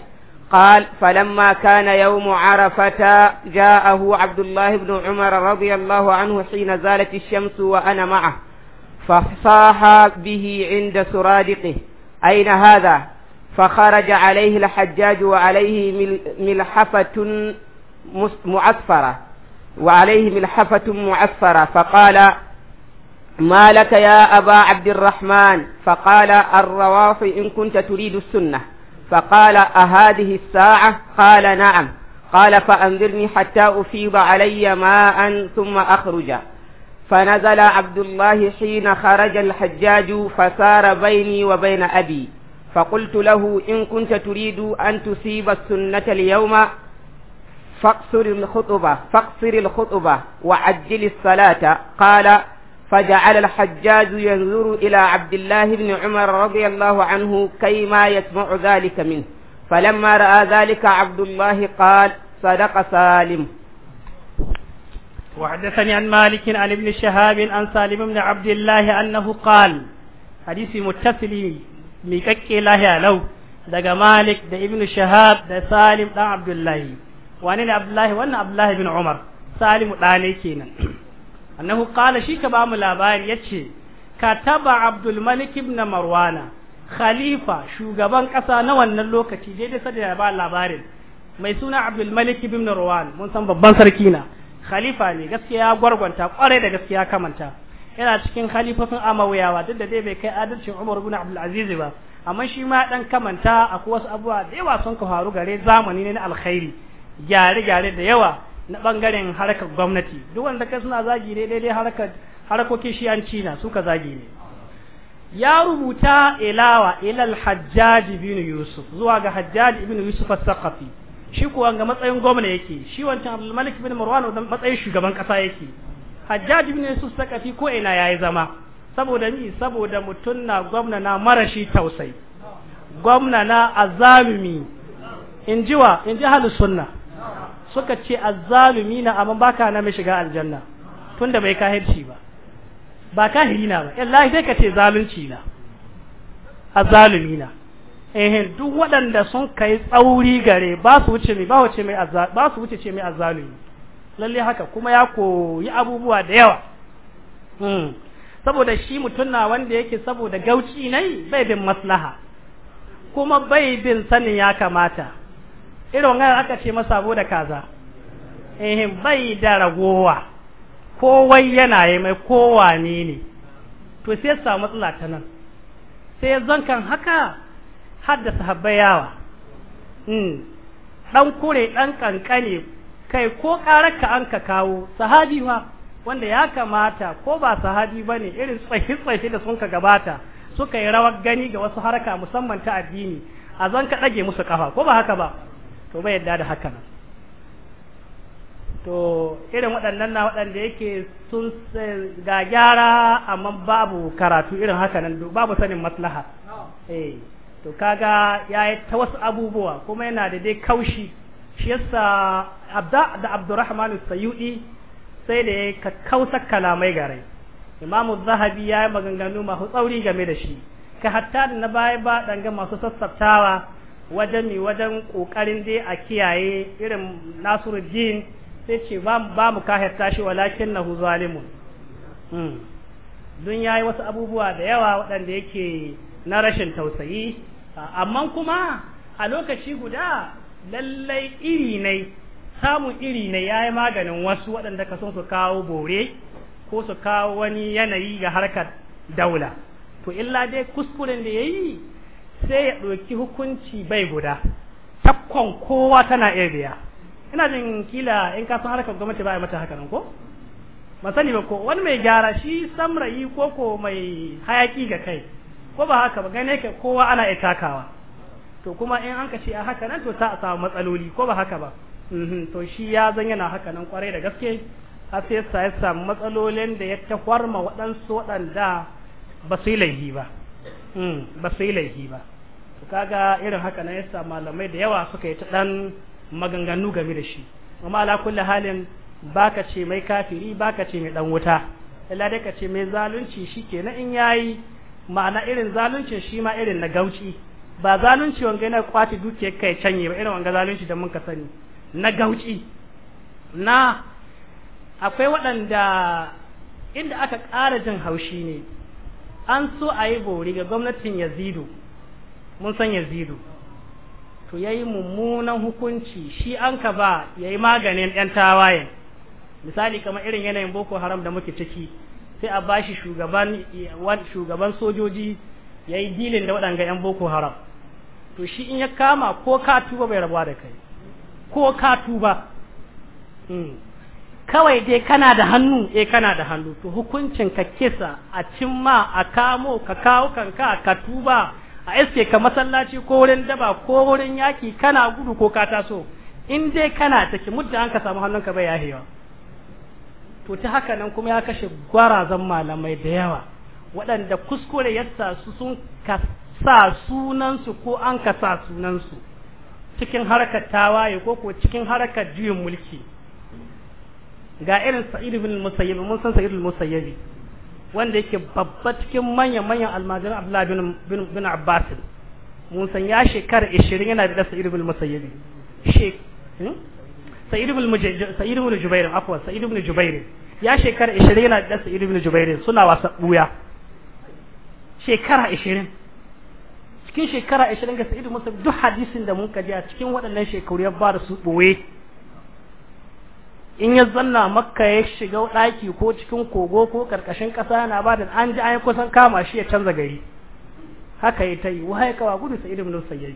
قال فلما كان يوم عرفة جاءه عبد الله بن عمر رضي الله عنه حين زالت الشمس وأنا معه فصاح به عند سرادقه أين هذا فخرج عليه الحجاج وعليه ملحفة معصفرة وعليه ملحفة معصفرة فقال ما لك يا أبا عبد الرحمن فقال الروافي إن كنت تريد السنة فقال أهذه الساعة قال نعم قال فأنذرني حتى أفيض علي ماء ثم أخرج فنزل عبد الله حين خرج الحجاج فسار بيني وبين أبي فقلت له إن كنت تريد أن تصيب السنة اليوم فاقصر الخطبة فاقصر الخطبة وعجل الصلاة قال فجعل الحجاج ينظر إلى عبد الله بن عمر رضي الله عنه كيما يسمع ذلك منه فلما رأى ذلك عبد الله قال صدق سالم وحدثني عن مالك عن ابن شهاب عن سالم بن عبد الله أنه قال حديث متصل miƙaƙƙe lahiya lau daga malik da ibnu shahab da salim ɗan abdullahi wani ne abdullahi wannan abdullahi bin umar salimu ɗane kenan annahu qala shi ka bamu labari yace kataba abdul malik ibn marwana khalifa shugaban ƙasa na wannan lokaci daidai sai da ba labarin mai suna abdul malik ibn marwan mun san babban sarki na khalifa ne gaskiya gwargwanta kwarai da gaskiya kamanta yana cikin khalifofin amawiyawa duk da dai bai kai adalcin Umar ibn Abdul Aziz ba amma shi ma dan kamanta akwai wasu abubuwa da yawa sun ka faru gare zamani ne na alkhairi gyare gyare da yawa na bangaren harkar gwamnati duk wanda kai suna zagi ne dai harkar harkokin shi an cina suka zagi ne ya rubuta ilawa ilal hajjaj ibn yusuf zuwa ga hajjaj ibn yusuf as-saqafi shi kuwa ga matsayin gwamna yake shi wancan abdul malik ibn marwan matsayin shugaban kasa yake hajjaj ne yusuf sakafi ko ina yayi zama saboda ni saboda mutun na gwamna na marashi tausayi gwamna na azalumi inji wa inji halu sunna suka ce azzalumi na amma baka na mai shiga aljanna tunda bai kahirci ba ba kahiri na ba illahi sai ka ce zalunci na azzalumi na eh duk waɗanda sun kai tsauri gare ba su wuce mai ba wuce mai ba su wuce ce mai azalumi. lalle haka kuma ya koyi abubuwa da yawa hmm. saboda shi mutum na wanda yake saboda gauci ne bai bin maslaha kuma bai bin sanin ya kamata irin wani aka ce masa da kaza bai da ragowa kowai yana yi mai kowa ne ne to sai sa matsala ta nan sai zankan haka haddasa habbayawa hmm. ɗan kure ɗan kankane. kai ko ƙararka an ka kawo sahabi ma wanda ya kamata ko ba sahabi ba ne irin tsaye-tsaye da sun ka gabata suka yi rawar gani ga wasu haraka musamman ta addini a zan ka ɗage musu kafa ko ba haka ba to bai yadda da haka nan to irin waɗannan na waɗanda yake sun ga gyara amma babu karatu irin haka nan babu sanin maslaha eh to kaga ya yi ta wasu abubuwa kuma yana da dai kaushi shi yasa abda da abdurrahman sayudi sai da ya kakkausa kalamai gare az zahabi ya yi maganganu masu tsauri game da shi ka hatta da na baya ba ga masu sassaftawa wajen mi wajen kokarin dai a kiyaye irin nasiruddin sai ce ba mu ka hatta shi walakin na zalimun hmm. don ya yi wasu abubuwa da yawa waɗanda yake na rashin tausayi amma kuma a lokaci guda lallai iri ne samun iri ne ya yi maganin wasu waɗanda ka son su kawo bore ko su kawo wani yanayi ga harkar daula to illa dai kuskuren da ya yi sai ya ɗauki hukunci bai guda takkon kowa tana iya biya ina jin kila in ka san harkar gwamnati ba a mata haka nan ko masani ba ko wani mai gyara shi samrayi ko ko mai hayaki ga kai ko ba haka ba gane ka kowa ana iya takawa to kuma in an ce a haka nan to ta samu matsaloli ko ba haka ba mhm, to shi ya zan yana haka nan kwarai da gaske har sai sa ya samu matsalolin da ya kwarma waɗansu waɗanda ba su yi laifi ba mhm, ba su yi laifi ba to kaga irin haka nan ya sa malamai da yawa suka yi ta ɗan maganganu game da shi amma ala kulli halin baka ce mai kafiri baka ce mai dan wuta illa dai ka ce mai zalunci kenan in yayi ma'ana irin zaluncin shi ma irin na gauci ba zalunci wanga yana kwace dukiyar kai canye ba irin wanga zalunci da muka sani na gauci na akwai waɗanda inda aka ƙara jin haushi ne an so a yi bori ga gwamnatin yazidu mun san yazidu to ya yi mummunan hukunci shi an ka ba ya yi maganin 'yan tawayen misali kamar irin yanayin boko haram da muke ciki sai a bashi shugaban sojoji ya yi dilin da waɗanga 'yan boko haram to shi in ya kama ko ka tuba bai rabuwa da kai ko ka tuba hmm. kawai dai kana da hannu eh kana da hannu to hukuncin ka kisa a cimma a kamo ka kawo kanka ka tuba a iske ka masallaci ko wurin daba ko wurin yaki kana gudu ko ka taso in dai kana take mudda an ka samu hannun ka bai yahewa to ta haka nan kuma ya kashe gwarazan malamai da yawa waɗanda kuskure yasa su sun sa sunansu ko an ka sa sunansu cikin harkar tawaye ko ko cikin harkar juyin mulki ga irin sa'id ibn musayyib mun san sa'id ibn musayyib wanda yake babba cikin manyan manyan almajiran abdullahi bin bin abbas mun san ya shekar 20 yana da sa'id ibn musayyib shek hmm? sa'id ibn sa'id ibn jubair afwa sa'id ibn jubair ya shekar 20 yana da sa'id ibn jubair suna wasa buya shekara 20 cikin shekara 20 ga sa'idu musa duk hadisin da mun kaji a cikin waɗannan shekaru ya ba da su ɓoye in ya zanna makka ya shiga ɗaki ko cikin kogo ko ƙarƙashin ƙasa na ba da an ji an yi kusan kama shi ya canza gari haka ya ta yi wa haika wa gudu sa'idu ibn yayi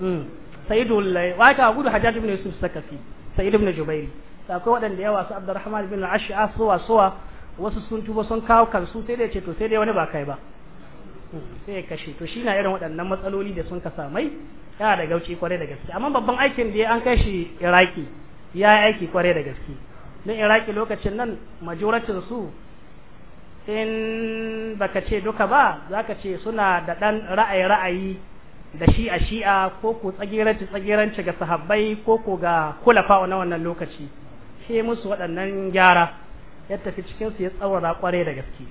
hmm. sa'idu lai wa haika wa gudu hajjaj ibn yusuf sakafi sa'idu ibn jubairi akwai waɗanda yawa su abdurrahman ibn ash'a suwa suwa wasu sun tuba sun kawo kansu sai dai ce to sai dai wani ba kai ba sai ya kashe to shi na irin waɗannan matsaloli da sun ka samai yara da gauci kwarai da gaske amma babban aikin da ya an kai shi iraki ya yi aiki kwarai da gaske na iraki lokacin nan majoratin su in baka ce duka ba za ka ce suna da ɗan ra'ayi ra'ayi da shi a shi'a ko ko tsagiranci tsagiranci ga sahabbai ko ko ga kulafa na wannan lokaci sai musu waɗannan gyara ya tafi cikinsu ya tsawara kwarai da gaske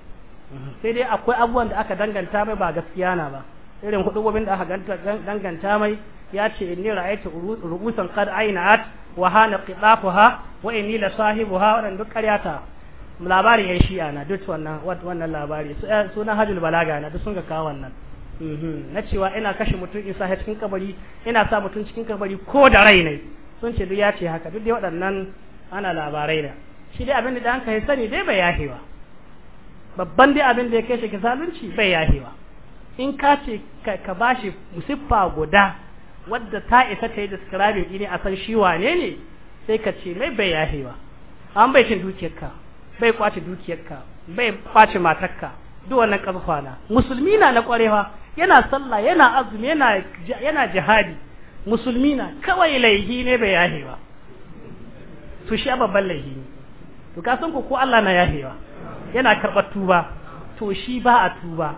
sai dai akwai abubuwan da aka danganta mai ba gaskiya na ba irin gobin da aka danganta mai ya ce inni ra'aytu ru'usan qad aynat wa hana qitafuha wa inni la sahibuha wannan duk ƙaryata labari ya shi'a na duk wannan wannan labari sunan eh, hajjul balaga na duk sun ga kawo wannan mhm. na cewa ina kashe mutum in sa cikin kabari ina sa mutum cikin kabari ko da rai ne sun ce duk ya ce haka duk dai waɗannan ana labarai ne shi dai abin da an kai sani dai bai yahewa babban dai abin da ya kai shi ka zalunci bai yahewa in ka ce ka bashi musiffa guda wadda ta isa ta yi describing ne a san shi wane ne sai ka ce mai bai yahewa an bai cin dukiyarka bai kwace dukiyarka bai kwace matarka duk wannan kafafana musulmi na na kwarewa yana sallah yana azumi yana yana jihadi musulmi na kawai laihi ne bai yahewa to shi babban laihi ne to ka san ko ko Allah na yahewa yana karɓar tuba to shi ba a tuba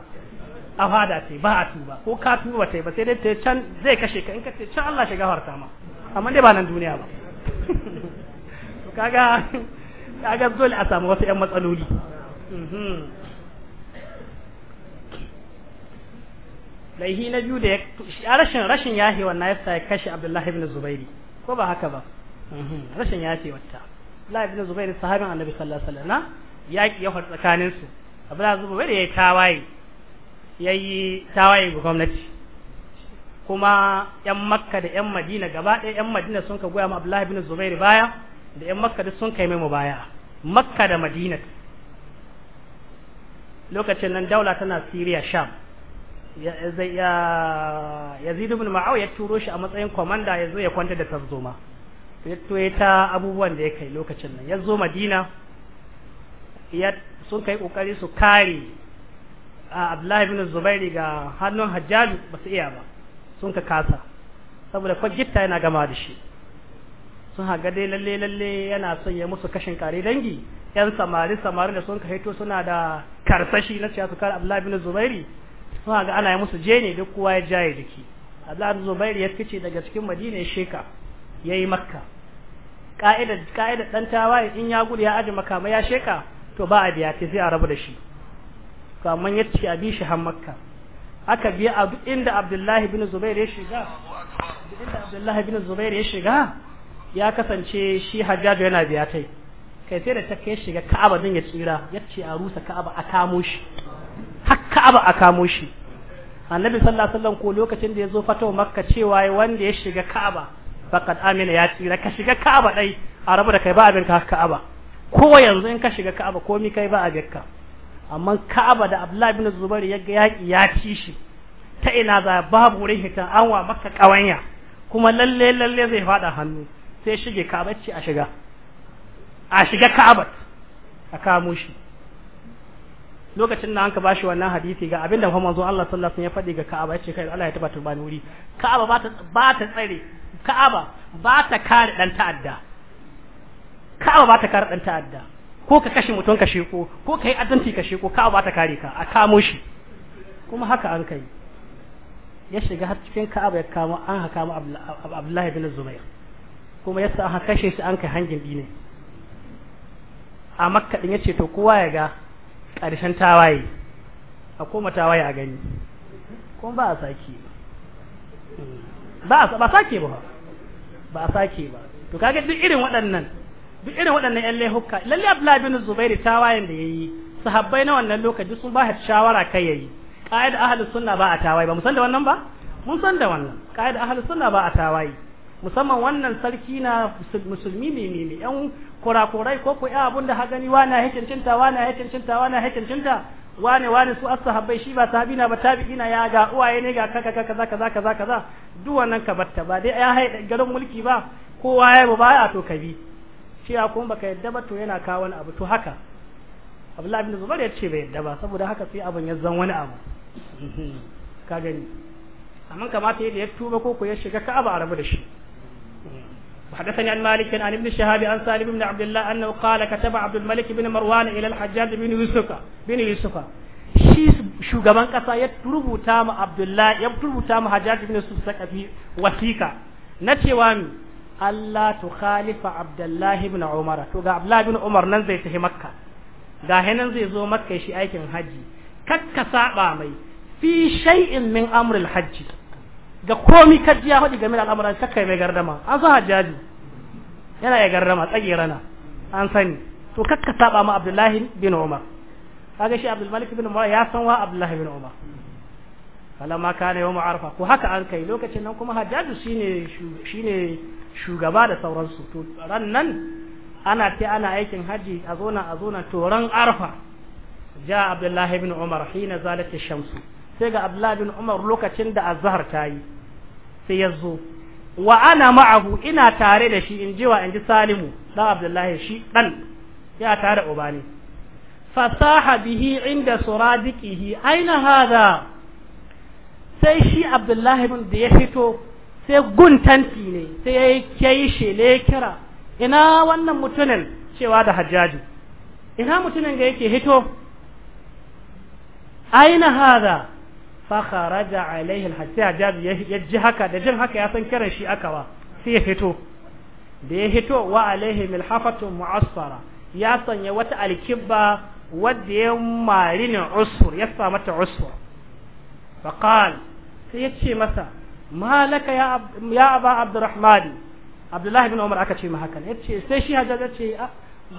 a fada ce ba a tuba ko ka tuba ta yi ba sai dai ta can zai kashe ka in ka ce can Allah shiga harta ma amma dai ba nan duniya ba to kaga kaga dole a samu wasu ƴan matsaloli mhm. laihi na biyu da ya rashin rashin yahi wannan yasa ya kashe Abdullahi ibn Zubairi ko ba haka ba mhm. rashin yahi wata Abdullahi ibn Zubairi sahabin Annabi sallallahu alaihi wasallam yaki ya faru tsakanin su abdullahi zuba bai ya yi tawaye ya yi tawaye ga gwamnati kuma yan makka da yan madina gaba ɗaya yan madina sun ka goya ma abdullahi bin zubair baya da yan makka duk sun kai mai maimu baya makka da madina lokacin nan daula tana siriya sham ya zai dubin ma'au ya turo shi a matsayin kwamanda ya zo ya kwanta da tarzoma to ya ta abubuwan da ya kai lokacin nan ya zo madina sun kai kokari su kare a Abdullahi bin Zubairi ga hannun Hajjaj ba su iya ba sun ka kasa saboda kwajitta yana gama da shi sun haga dai lalle lalle yana son ya musu kashin kare dangi yan samari samari da sun ka haito suna da karsashi na cewa su kare Abdullahi bin Zubairi sun haga ana yi musu jeni duk kowa ya jaye jiki Abdullahi bin Zubairi ya fice daga cikin Madina ya sheka yayi Makka ka'idar ka'idar tawaye in ya gudu ya aje makamai ya sheka to ba a biya ta sai a rabu da shi to amma ya a bi shi har makka aka biya a duk inda abdullahi bin zubair ya shiga duk inda abdullahi bin zubair ya shiga ya kasance shi hajjaju yana biya tai kai sai da ta kai shiga ka'aba din ya tsira ya ce a rusa ka'aba a kamo shi har ka'aba a kamo shi annabi sallallahu alaihi wasallam ko lokacin da ya zo fatawa makka cewa wanda ya shiga ka'aba faqad amina ya tsira ka shiga ka'aba dai a rabu da kai ba abin ka ka'aba ko yanzu in ka shiga Ka'aba ko mi kai ba a bikka amma Ka'aba da Abdullahi bin Zubair ya ga yaki ya ci shi ta ina za babu wurin hitan an wa maka kawanya kuma lalle lalle zai fada hannu sai shige Ka'aba ce a shiga a shiga Ka'aba a kamo shi lokacin da anka bashi wannan hadisi ga abin da manzo Allah sallallahu alaihi wasallam ya faɗi ga Ka'aba ya ce kai Allah ya ba ni wuri Ka'aba ba ta ba ta tsare Ka'aba ba ta kare dan ta'adda ka'aba ba ta kare dan ta'adda ko ka kashe mutum ka sheko ko ka yi addanci ka sheko ka'aba ba ta kare ka a kamo shi kuma haka an kai ya shiga har cikin ka'aba ya kamo an haka mu Abdullahi bin Zubair kuma yasa aka kashe shi an kai hangin dine a Makka din yace to kowa ya ga karshen tawaye a koma tawaye a gani kuma ba a sake ba hmm. ba a sake ba ba a sake ba to kaga duk irin waɗannan duk irin waɗannan ƴan laihuka lalle Abdullahi bin ta tawayen da yayi sahabbai na wannan lokaci sun ba shawara kai yayi qaida ahli sunna ba a tawaye ba mun san da wannan ba mun san da wannan qaida ahli sunna ba a tawaye musamman wannan sarki na musulmi ne ne ƴan kurakurai ko ko ya abun da ha gani wani ya cancinta wani ya cancinta wani ya cancinta wane wane su ashabai shi ba sahabina ba tabi'ina ya ga uwaye ne ga kaka kaka kaza kaza kaza kaza duk wannan ka batta ba dai ya haye garin mulki ba kowa ya ba ya to kabi cewa kuma baka yadda ba to yana kawo wani abu to haka abdullahi bin zubair ya ce bai yadda ba saboda haka sai abin ya zan wani abu ka gani amma kamata yadda ya tuba ko ya shiga ka'aba a rabu da shi حدثني عن مالك an ابن شهاب عن سالم بن عبد الله انه قال كتب عبد الملك بن مروان الى الحجاج بن يوسف بن يوسف shi shugaban kasa ya rubuta mu Abdullah ya rubuta mu Hajjaj bin Yusuf Sakafi wasika na cewa mi Allah tu khalifa Abdullahi ibn Umar to ga Abdullahi ibn Umar nan zai tafi Makka ga nan zai zo Makka shi aikin haji kakka saba mai fi shay'in min amril hajji ga komi kaji ya faɗi game da al'amuran kakkai mai gardama an zo hajjaji yana ya gardama tsage rana an sani to kakka saba ma Abdullahi ibn Umar kaga shi Abdul Malik ibn Umar ya san wa Abdullahi bin Umar falamma kana yawm arfa ko haka an kai lokacin nan kuma hajjaju shine shine shugaba da sauransu to ran nan ana ta ana aikin haji a zona a zona to arfa ja abdullahi ibn umar hina zalat ash-shamsu sai ga abdullahi ibn umar lokacin da azhar ta yi sai ya zo wa ana ma'ahu ina tare da shi in ji wa in ji salimu da abdullahi shi dan ya tare uba fasaha bihi inda suradiqihi aina hadha sai shi abdullahi bin da ya fito sai guntanti ne sai ya yi shele kira ina wannan mutumin cewa da hajjaju ina mutumin ga yake hito aina hada fa kharaja alaihi alhajjaj ya ji haka da jin haka ya san kiran shi aka ba sai ya fito da ya hito wa alaihi milhafatun mu'asfara ya sanya wata alkibba wadda ya mari ne usfur ya samata usur faqal sai ya ce masa malaka ya ya aba abdurrahman abdullahi bin umar aka ce ma haka yace sai shi hajjaj ya ce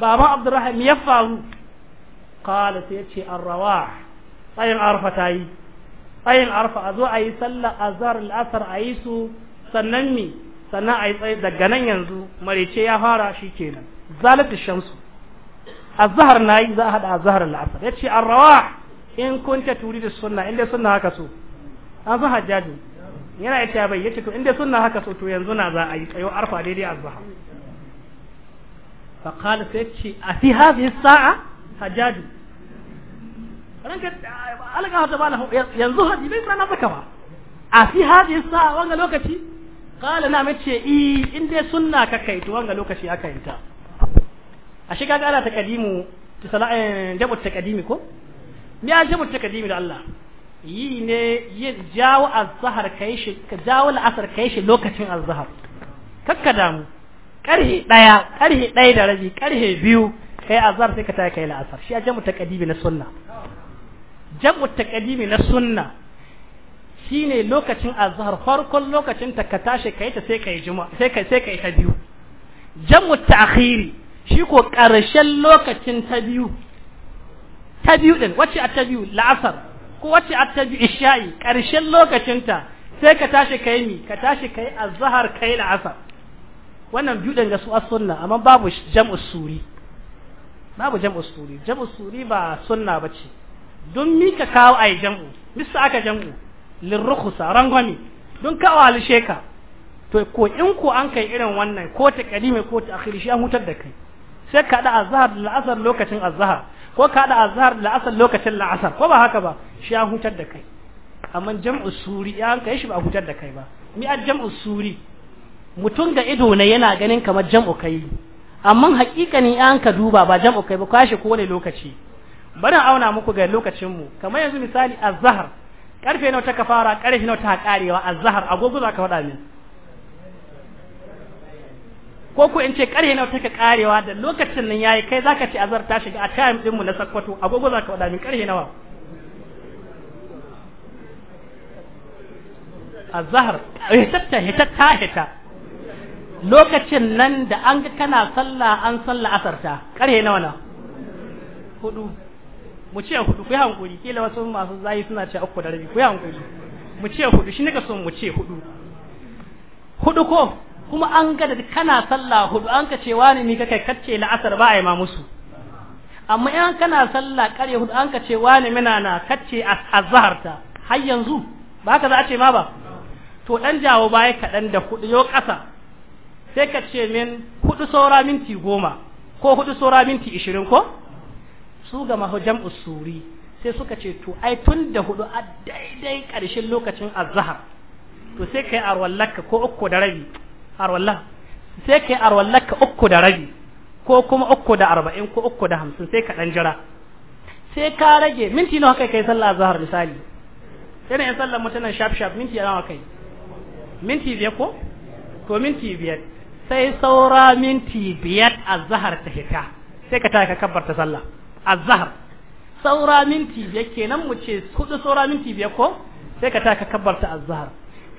baba abdurrahman ya faru qala sai ya ce arrawah tsayin arfa tayi tsayin arfa a zo a yi sallar azhar a yi su sannan mi sannan a yi tsaye da nan yanzu marece ya fara shi kenan zalatu shamsu azhar nayi za a hada azhar al'asar yace rawa. in kunta da sunna inda sunna haka so an san hajjaji yana ita bai yace to inda sunna haka so to yanzu na za a yi tsayo arfa daidai azbaha fa qala sai ce a fi hadhihi sa'a hajjaji ranka alaka ta bala yanzu haji bai sana saka ba a fi hadhihi sa'a wanga lokaci qala na mace i e, inda sunna ka kai to wanga lokaci aka yinta a shiga ga ana takadimu tisala eh, jabu kadimi ko me ya jibu takadimi da Allah yi ne ya jawo azhar kai shi ka jawo al'asar kai shi lokacin azhar kakka damu karhe daya karhe daya da rabi karhe biyu kai azhar sai ka ta kai la'asar shi ya jamu takadimi na sunna jamu takadimi na sunna shine lokacin azhar farkon lokacin ta ka tashi kai ta sai kai juma'a sai kai sai kai ta biyu jamu ta'khiri shi ko karshen lokacin ta biyu ta biyu ɗin wacce a ta biyu la'asar ko wacce a ta biyu isha'i ƙarshen lokacinta sai ka tashi ka mi ka tashi ka yi azahar ka yi la'asar wannan biyu ɗin ga su a sunna amma babu jam'u suri babu jam'u suri jam'u suri ba sunna ce don mi ka kawo yi jam'u misa aka jam'u lirrukusa rangwami don kawo halsheka to ko in ko an kai irin wannan ko ta kadime ko ta akhiri shi an hutar da kai sai ka da azhar da lokacin azhar ko ka da azhar da asar lokacin la'asar ko ba haka ba shi ya hutar da kai amma jam'u suri ya kai shi ba hutar da kai ba mi a jam'u suri mutum ga ido ne yana ganin kamar jam'u kai amma ne an ka duba ba jam'u kai ba kwashi ko wani lokaci bari auna muku ga lokacin mu kamar yanzu misali azhar karfe nawa ta kafara karfe nawa ta karewa azhar agogo za ka faɗa min ko ko in ce karhe nawa take karewa da lokacin nan yayi kai zaka ce azar ta shiga a time din mu na sakkwato agogo zaka wada min karhe nawa azhar hitatta hitatta hita lokacin nan da an ga kana sallah an sallah asarta karhe nawa na hudu mu ce hudu ku yi hankuri kila wasu masu zayi suna ce uku da rabi ku hankuri mu ce hudu shi ne ka son mu ce hudu hudu ko kuma an ga da kana sallah hudu an ka ce wani ni kake kace la'asar ba ai ma musu amma in kana sallah kare hudu an ka ce wani mina na kace azhar ta har yanzu ba ka za a ce ma ba to dan jawo baya kaɗan da hudu yo kasa sai ka ce min hudu saura minti goma ko hudu saura minti ishirin ko su ga mahujan usuri sai suka ce to ai tun da hudu a daidai karshen lokacin azhar to sai kai arwallaka ko uku da rabi arwallah sai kai arwallah ka uku da rabi ko kuma uku da arba'in ko uku da hamsin sai ka ɗan jira sai ka rage minti nawa kai kai sallah zahar misali yana yin sallar mutanen shaf shaf minti nawa kai minti biyar ko to minti biyar sai saura minti biyar azhar ta hita sai ka taka kabbarta sallah azhar saura minti biyar kenan mu ce hudu saura minti biyar ko sai ka taka kabbarta azhar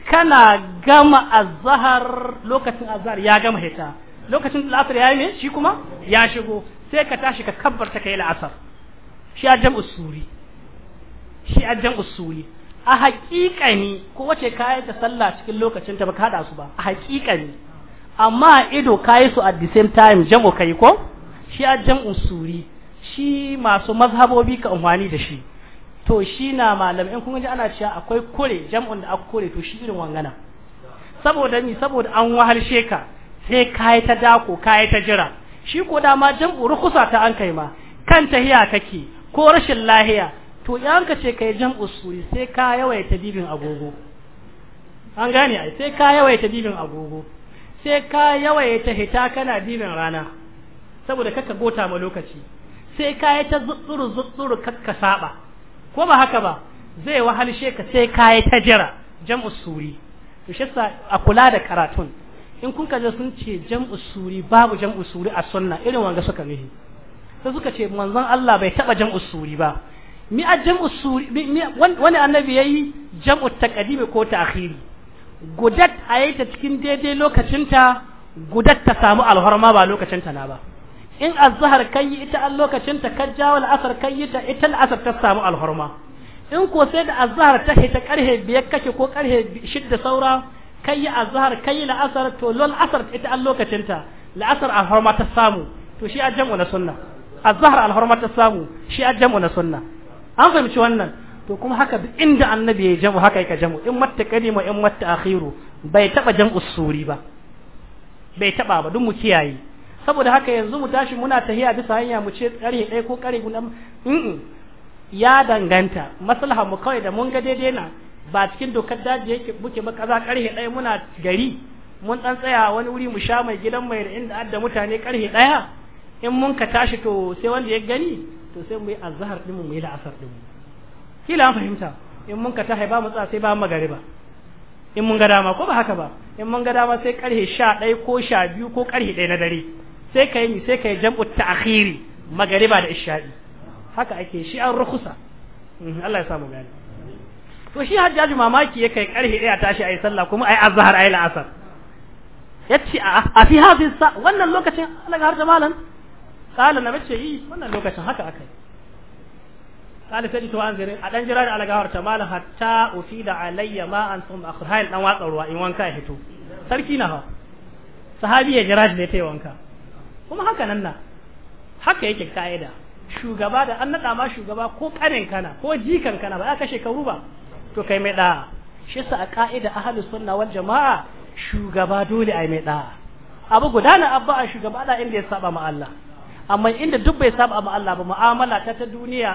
kana gama azhar lokacin azhar ya gama hita lokacin la'asar yayi ne shi kuma ya shigo sai ka tashi ka kabbarta kai la'asar shi ajam usuri shi ajam usuri a haƙiƙani ko wace kayan ta sallah cikin lokacin ta baka haɗa su ba a haƙiƙani amma ido kayi su at the same time jam'u kai ko shi ajam usuri shi masu mazhabobi ka umarni da shi to shi na malam in kun ji ana cewa akwai kore jam'un da aka kore to shi irin wangana saboda ni saboda an wahalshe ka sai kai ta dako kai ta jira shi ko dama jam'u rukusa ta an kai ma kan tahiya kake ko rashin lahiya to yan ka ce kai jam'u suri sai ka yawaita dibin agogo an gane ai sai ka yawaita dibin agogo sai ka yawaita hita kana dibin rana saboda kaka gota ma lokaci sai ka yi ta zutsuru zutsuru kakka saba ko ba haka ba zai wahalshe ka sai kayi ta jira jam'u suri to shi a kula da karatun in kun kaje sun ce jam'u suri babu jam'u suri a sunna irin wanga suka mihi sai suka ce manzon Allah bai taba jam'u suri ba mi a jam'u suri wani annabi yayi jam'u taqdimi ko ta'khiri gudat ayata cikin daidai lokacin ta gudat ta samu alharma ba lokacin ta na ba in azhar kai ita an lokacin ta kajja wal asar kai ta ita al ta samu alhurma in ko sai da azhar ta hita karhe biyar kake ko karhe shidda saura kai azhar kai yi la'asar to lol asar ita an lokacin ta la alhurma ta samu to shi a jam'u na sunna azhar alhurma ta samu shi a jam'u na sunna an fahimci wannan to kuma haka duk inda annabi ya jam'u haka yake jam'u in matta kadima in matta akhiru bai taba jam'u suri ba bai taba ba duk mu kiyaye saboda haka yanzu mu tashi muna tahiya bisa hanya mu ce kare ɗaya ko kare guda mu ya danganta maslaha mu kawai da mun ga daidai na ba cikin dokar daji yake muke ba kaza karhe ɗaya muna gari mun dan tsaya wani wuri mu sha mai gidan mai da inda adda mutane karhe ɗaya in mun ka tashi to sai wanda ya gani to sai mu yi azhar din mu yi la'asar din mu kila an fahimta in mun ka tashi ba mu tsaya sai ba magariba in mun ga dama ko ba haka ba in mun ga dama sai karhe 11 ko 12 ko karhe 1 na dare sai ka yi sai ka yi jam'u ta'khiri magariba da isha'i haka ake shi an rukusa mhm, Allah ya samu gani to shi hajjaji mamaki yake karhe ɗaya tashi ayi sallah kuma ayi azhar ayi la'asar yace a fi hafiz wannan lokacin Allah har da malam kala na bace yi wannan lokacin haka akai kala sai to an zire a dan jira da alagawar ta malam hatta ufida alayya ma an sum akhir hayl dan watsarwa in wanka ya hito sarki na ha sahabi ya jira da tayi wanka kuma haka nan na haka yake ka'ida shugaba da an naɗa ma shugaba ko karin kana ko jikan kana ba ya kashe karu ba to kai mai ɗa'a shi sa a ka'ida ahlus sunna wal jama'a shugaba dole ai mai ɗa'a abu guda na abba a shugaba da inda ya saba ma Allah amma inda duk bai saba ma Allah ba mu'amala ta ta duniya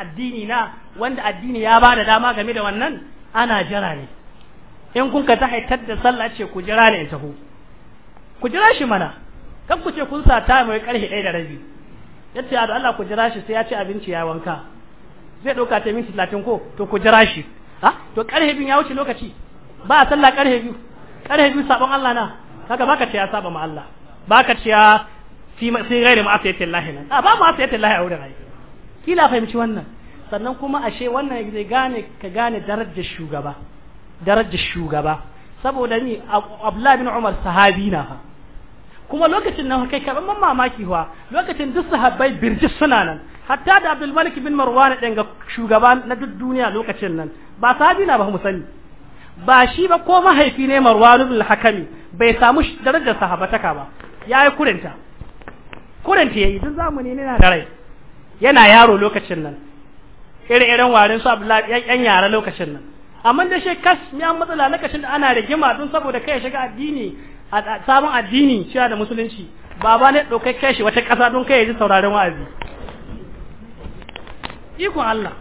addini na wanda addini ya ba da dama game da wannan ana jira ne in kun ka ta haitar da sallah ce ku jira ne in taho ku jira shi mana kan ku ce kun sa ta mai karfe ɗaya da rabi yace a Allah ku jira shi sai ya ci abinci ya wanka zai ɗauka ta minti 30 ko to ku jira shi ha to karfe biyu ya wuce lokaci ba a sallah karfe biyu karfe biyu sabon Allah na kaga baka ce ya saba ma Allah baka ce ya fi sai gairi ma asiyatin lahi nan ba mu asiyatin lahi a wurin ai kila fahimci wannan sannan kuma ashe wannan zai gane ka gane darajar shugaba darajar shugaba saboda ni Abdullah bin Umar sahabi na fa kuma lokacin nan kai man mamaki wa lokacin duk sahabbai birji suna nan hatta da Abdul Malik bin Marwan ɗin ga shugaba na duk duniya lokacin nan ba sahabi na ba mu sani ba shi ba ko mahaifi ne Marwan bin Hakami bai samu darajar sahabataka ba yayi kurinta kurinta yayi duk zamani ne na da rai yana yaro lokacin nan iri irin warin su Abdullahi yan yara lokacin nan amma da shi kas ya matsala lokacin da ana rigima don saboda kai shiga addini sabon addini cewa da musulunci ba ne ɗaukakken shi wata ƙasa don kai ya ji sauraron wa'azi ikon Allah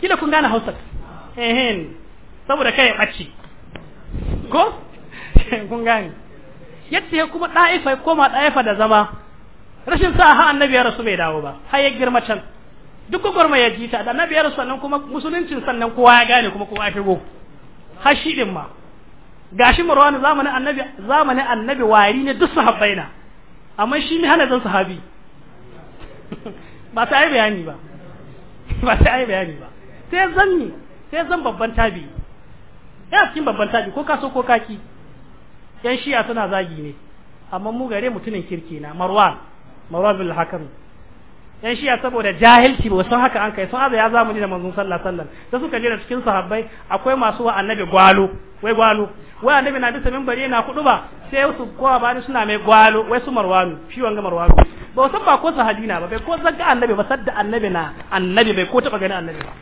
kila kun gane hausa ehen saboda kai ya ɓace ko kun gane yadda ya kuma ɗa'ifa ya koma ɗa'ifa da zama rashin sa ha annabi ya rasu bai dawo ba har ya girma can duk gwagwarma ya jita da annabi ya rasu sannan kuma musuluncin sannan kowa ya gane kuma kowa ya shigo har shi ɗin ma gashi marwan zamanin annabi zamanin annabi wari ne duk sahabbai na amma shi ne hana zan sahabi ba ta yi bayani ba ba ta yi bayani ba sai zan ni sai zan babban tabi ya cikin babban tabi ko kaso ko kaki yan shiya suna zagi ne amma mu gare mutumin kirki na marwan marwan bil hakam yan ya saboda jahilci ba sun haka an kai sun aza ya zamani da manzon sallah wasallam da suka je da cikin sahabbai akwai masu wa annabi gwalo wai gwalo wai annabi na bisa minbari na kudu ba sai su kowa ba suna mai gwalo wai su marwanu shi wanga marwanu ba san ba ko sahabi na ba bai ko zaga annabi ba sadda annabi na annabi bai ko taba gani annabi ba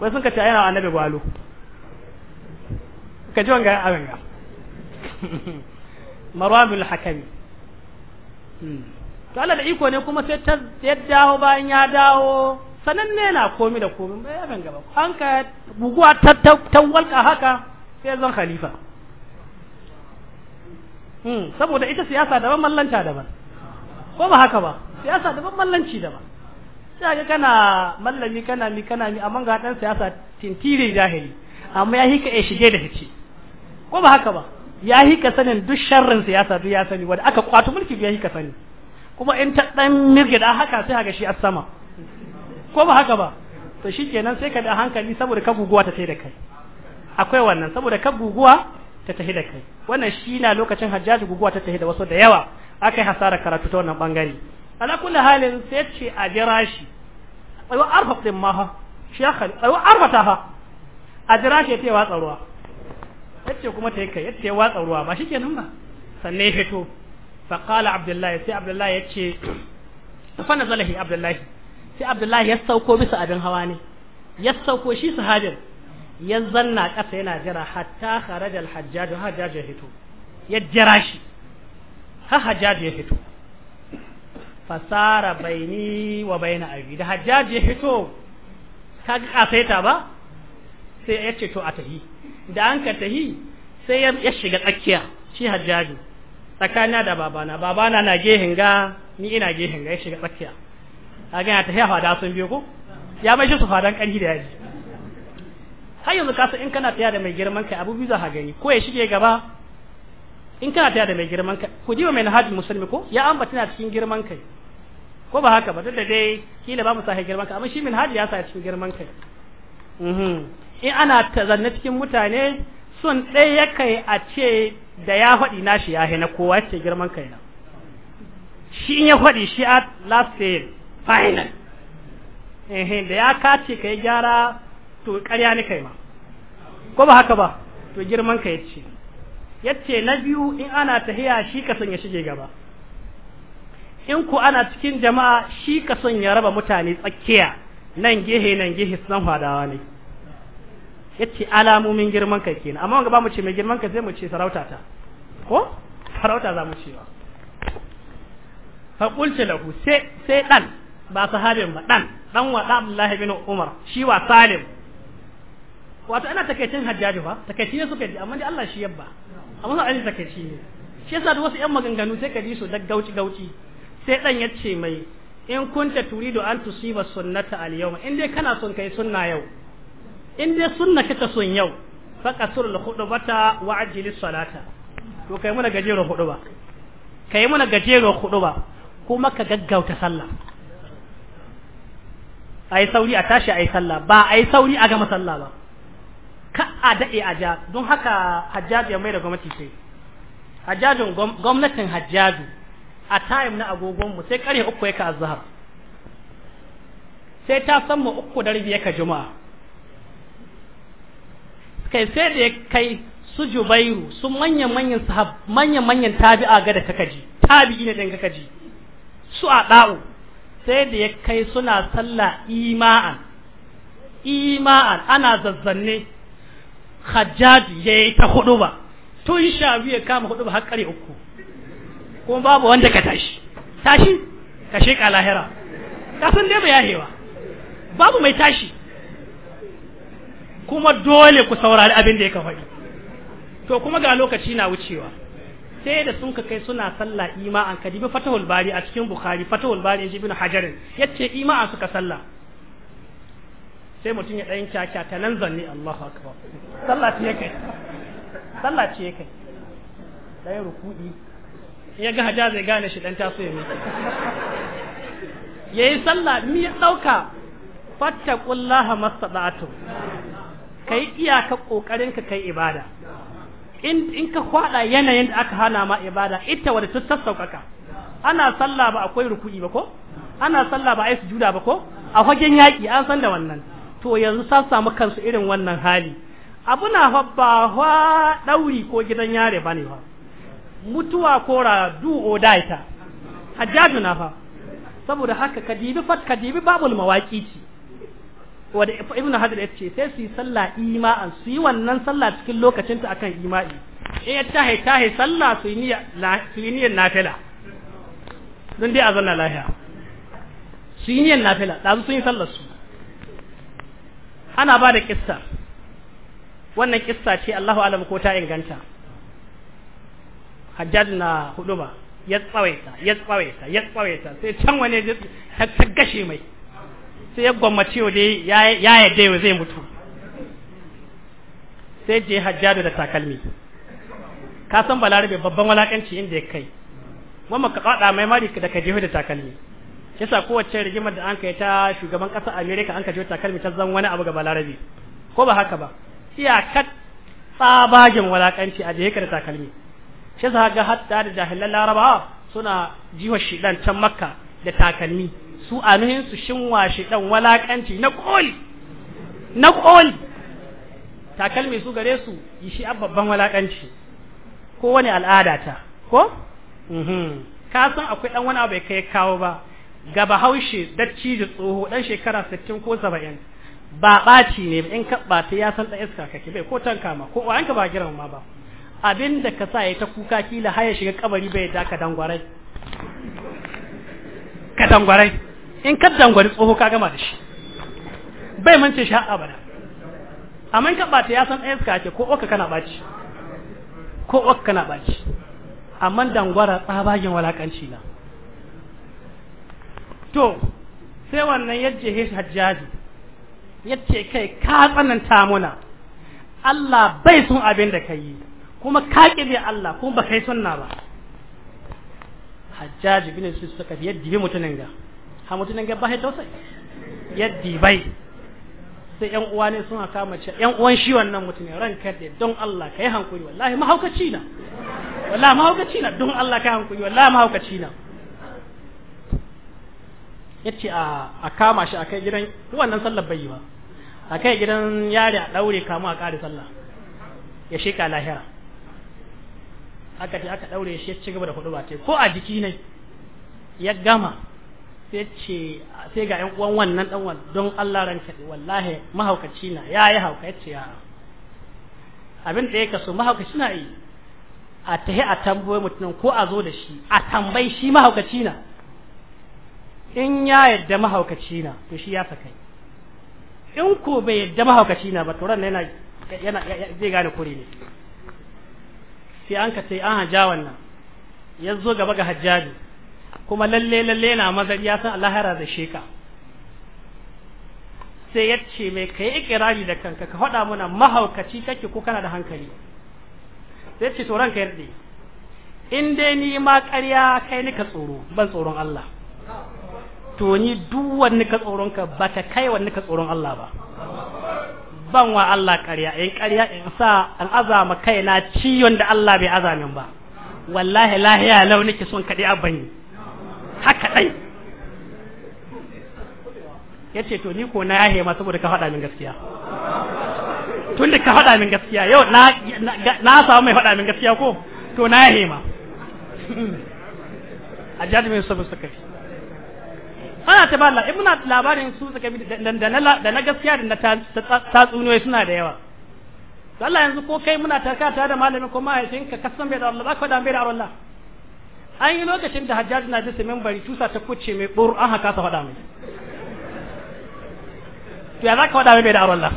wai sun ka ce yana annabi gwalo ka ji wanga abin ga marwan al hakami hmm. to Allah da iko ne kuma sai ta dawo bayan ya dawo sananne na komi da komi bai ban gaba an ka guguwa ta walka haka sai zan khalifa hmm saboda ita siyasa daban mallanta daban ko ba haka ba siyasa daban mallanci daban sai ga kana mallami kana mi kana mi amma ga dan siyasa tintire jahili amma ya hika ya shige da hice ko ba haka ba ya hika sanin duk sharrin siyasa duk ya sani wanda aka kwato mulki ya hika sani kuma in ta dan mirgida haka sai haga shi a sama ko ba haka ba to shikenan sai ka da hankali saboda ka guguwa ta tafi da kai akwai wannan saboda ka guguwa ta tafi da kai wannan shi na lokacin hajjaji guguwa ta tafi da wasu da yawa akai hasara karatu ta wannan bangare ala kulli halin sai ce a jira shi ayo arfa din ma ha shi ya khali ayo arfa ta ha a jira shi ya yi watsa ruwa yace kuma ta yi kai yace watsa ruwa ba shikenan ba sanne fito faƙala abdullahi sai abdullahi ya ce fana zalahi abdullahi sai abdullahi ya sauko bisa abin hawa ne ya sauko shi su hajjar ya zanna ƙasa yana jira hata harajar hajjajo hajjajo ya fito ya jira shi ha ya fito fasara baini wa baina abi da hajjajo ya fito ka ga kasaita ba sai ya ce to a tahi da an ka tahi sai ya shiga tsakiya shi hajjajo tsakanina da babana babana na gehen ga ni ina gehen ga ya shiga tsakiya a gana ta da sun biyo ko ya mai shi su fadan ƙarfi da yaji har yanzu kasu in kana taya da mai girman kai abu biyu za ka gani ko ya shige gaba in kana taya da mai girman kai ku ji mai nahajin musulmi ko ya ambata na cikin girman kai ko ba haka ba duk da dai kila ba mu sa girman kai amma shi min hajji ya sa cikin girman kai mhm. in ana ta zanne cikin mutane son ɗaya ya kai a ce da ya faɗi nashi ya haina kowa ya ce girman kai na shi in ya faɗi shi a last year final da ya kace ka yi gyara to ƙarya ni kai ma ko ba haka ba to girman ka Ya yace na biyu in ana tahiya shi ka sanya shi shige gaba in ku ana cikin jama'a shi ka son ya raba mutane tsakiya nan gehe nan gehe sun hadawa ne yace alamomin girman kai kenan amma wanga ba mu ce mai girman kai sai mu ce sarauta ta ko sarauta za mu ce ba fa qultu lahu sai sai dan ba sahabin ba dan dan wa Abdullahi bin Umar shi wa Salim wato ana takaicin hajjaji ba takaici ne suka ji amma dai Allah shi yabba amma sai an takaici ne shi yasa da wasu yan maganganu sai ka ji su da gauci gauci sai dan yace mai in kunta turidu an tusiba sunnata al yawm in dai kana son kai sunna yau in dai sunna kika son yau faqasur al khudubata wa ajlis salata to kai muna gajero khuduba kai muna gajero khuduba kuma ka gaggauta sallah ai sauri a tashi ai sallah ba ai sauri a gama sallah ba ka a dade a ja don haka hajjaji mai da gwamnati sai hajjajin gwamnatin hajjaju a time na agogon mu sai kare uku yake azhar sai ta san mu uku da rabi yake juma'a kai sai da ya kai su jubairu su manyan manyan sahab manyan manyan tabi'a ga da kakaji tabi'i ne din kakaji su a da'u sai da ya kai suna sallah ima'an ima'an ana zazzanne hajjaji ya yi ta hudu ba tun sha biyu ya kama hudu ba har kare uku kuma babu wanda ka tashi tashi ka sheka lahira kasan dai ba yahewa babu mai tashi kuma dole ku saurari abin da ya faɗi to kuma ga lokaci na wucewa sai da sun ka kai suna sallah ima'an kadibi fatahul bari a cikin bukhari fatahul bari in ji ibn hajar yace ima'a suka sallah sai mutum ya dan kyakya ta nan zanni Allahu akbar sallah ce kai sallah ce kai ɗayan ruku'i ya ga hajar zai gane shi ɗan taso ya miƙe yayi sallah mi dauka ɗauka fattaqullaha mastata'tum kai iyaka kokarin ka kai ibada in in ka kwada yanayin da aka hana ma ibada ita wadda ta sassaukaka ana sallah ba akwai ruku'i ba ko ana sallah ba ai sujuda ba ko a fagen yaki an san da wannan to yanzu sa samu kansu irin wannan hali Abu na ba dauri ko gidan yare bane ba mutuwa ko radu o daita hajjaju na fa saboda haka kadibi fat kadibi babul mawaqiti wanda ibn hajar yace sai su yi sallah ima'an su yi wannan sallah cikin lokacin ta akan ima'i in ya tahe tahe sallah su yi niyya su niyyar nafila don dai a zanna lahiya su yi niyyar nafila da sun yi sallar su ana ba da kissa wannan kissa ce Allahu alam ko ta inganta Hajjaj na huduma ya tsawaita ya tsawaita ya tsawaita sai can wani ya gashe mai sai ya gwammace yau dai ya yadda yau zai mutu sai je hajjado da takalmi ka san balarabe babban walakanci inda ya kai mamma ka kada mai mari da ka jefa da takalmi yasa kowace rigimar da an kai ta shugaban kasar amerika an ka jefa takalmi ta zan wani abu ga balarabe ko ba haka ba iyakar tsabagen walakanci a jefa da takalmi shi sa ga hatta da jahilan larabawa suna jiwa shidan can makka da takalmi su anuhin su shinwa shi dan walakanci na koli na koli takalmi su gare su yi shi babban walakanci ko wani al'ada ta ko mhm. ka san akwai dan wani abu bai kai kawo ba ga bahaushe dacci da tsoho dan shekara 60 ko 70 ba baci ne in ka ta ya san da iska kake bai ko tanka ma ko an ka ba kiran ma ba abin da ka sa ya ta kuka kila haya shiga kabari bai da ka dangwarai ka dangwarai in ka dangwari tsoho ka gama da shi bai mance shi har abada amma in ka bata ya san suka ake ko oka kana baci ko oka kana baci amma dangwara tsabagen walakanci na to sai wannan yadda ya hajjaji yadda kai ka tsananta muna Allah bai sun abin da ka yi kuma ka ƙi Allah kuma ba kai sunna ba hajjaji bin su suka yadda bi mutunan ga ha mutunan gaba ya tausayi yaddi bai sai yan uwa ne sun kama ce yan uwan shi wannan mutumin ran da don Allah kai hankuri wallahi mahaukaci na wallahi mahaukaci na don Allah kai hankuri wallahi mahaukaci na yace a a kama shi a kai gidan wannan sallar bai yi ba a kai gidan yare a daure kamu a kare sallah ya sheka lahira aka ce aka daure shi ya ci gaba da hudu ba ko a jiki ne ya gama sai ce sai ga yan uwan wannan dan don Allah ranka wallahi mahaukaci na yayi hauka yace ya abin da yake so mahaukaci na yi a tahi a tambaye mutun ko a zo da shi a tambayi shi mahaukaci na in ya yadda mahaukaci na to shi ya sakai in ko bai yadda mahaukaci na ba to ran yana yana zai gane kure ne sai an ka sai an haja wannan yanzu gaba ga hajjaji kuma lalle lalle na maza ya san Allah ya da sheka sai ya ce mai kai ikirari da kanka ka faɗa muna mahaukaci kake ko kana da hankali sai ce tsoron ka yarde in dai ni ma ƙarya kai nika tsoro ban tsoron Allah to ni duk wani ka tsoron ka ba ta kai wani ka tsoron Allah ba ban wa Allah ƙarya in ƙarya in sa an azama kai na ciyon da Allah bai azamin ba wallahi lahiya lau nake son kaɗi a bani. haka dai yace to ni ko na yahe ma saboda ka faɗa min gaskiya tun da ka faɗa min gaskiya yau na na samu mai faɗa min gaskiya ko to na yahe ma a jadimin sabu suka fi ana ta bala in na labarin su suka bi da na gaskiya da na tatsuniyoyi suna da yawa Allah yanzu ko kai muna taka tare da malamin ko mahaifinka kasan bai da Allah za ka faɗa bai da Allah an yi lokacin da hajjaj na jisa membari tusa ta kuce mai ɓoro an haka sa faɗa mai to ya za ka faɗa mai bai da aron la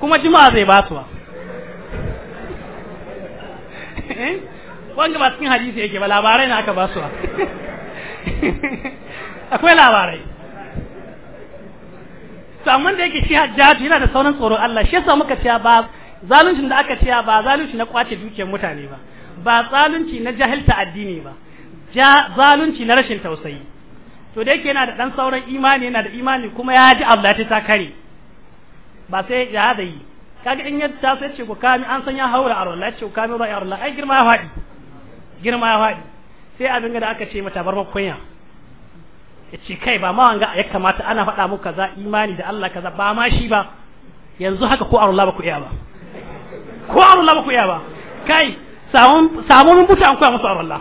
kuma juma'a zai ba su ba eh? wanda ba cikin hadisi yake ba labarai na aka ba su ba akwai labarai to amma da yake shi hajjaj yana da saunin tsoron Allah shi yasa muka ce ba Zalunci da aka ciya ba zalunci na kwace dukiyar mutane ba ba zalunci na jahilta addini ba zalunci na rashin tausayi to da yake yana da dan sauran imani yana da imani kuma ya ji Allah ta kare ba sai ya hada yi kaga in ya ta sai ce ku kami an san ya haura a ya ce ku kami ba ya rola ai girma ya faɗi girma ya faɗi sai abin da aka ce mata bar kunya ya ce kai ba ma wanga ya kamata ana faɗa muka kaza imani da Allah kaza ba ma shi ba yanzu haka ko a ba ku iya ba ko la ko yaba iya ba kai samun buta an koya musu arwalla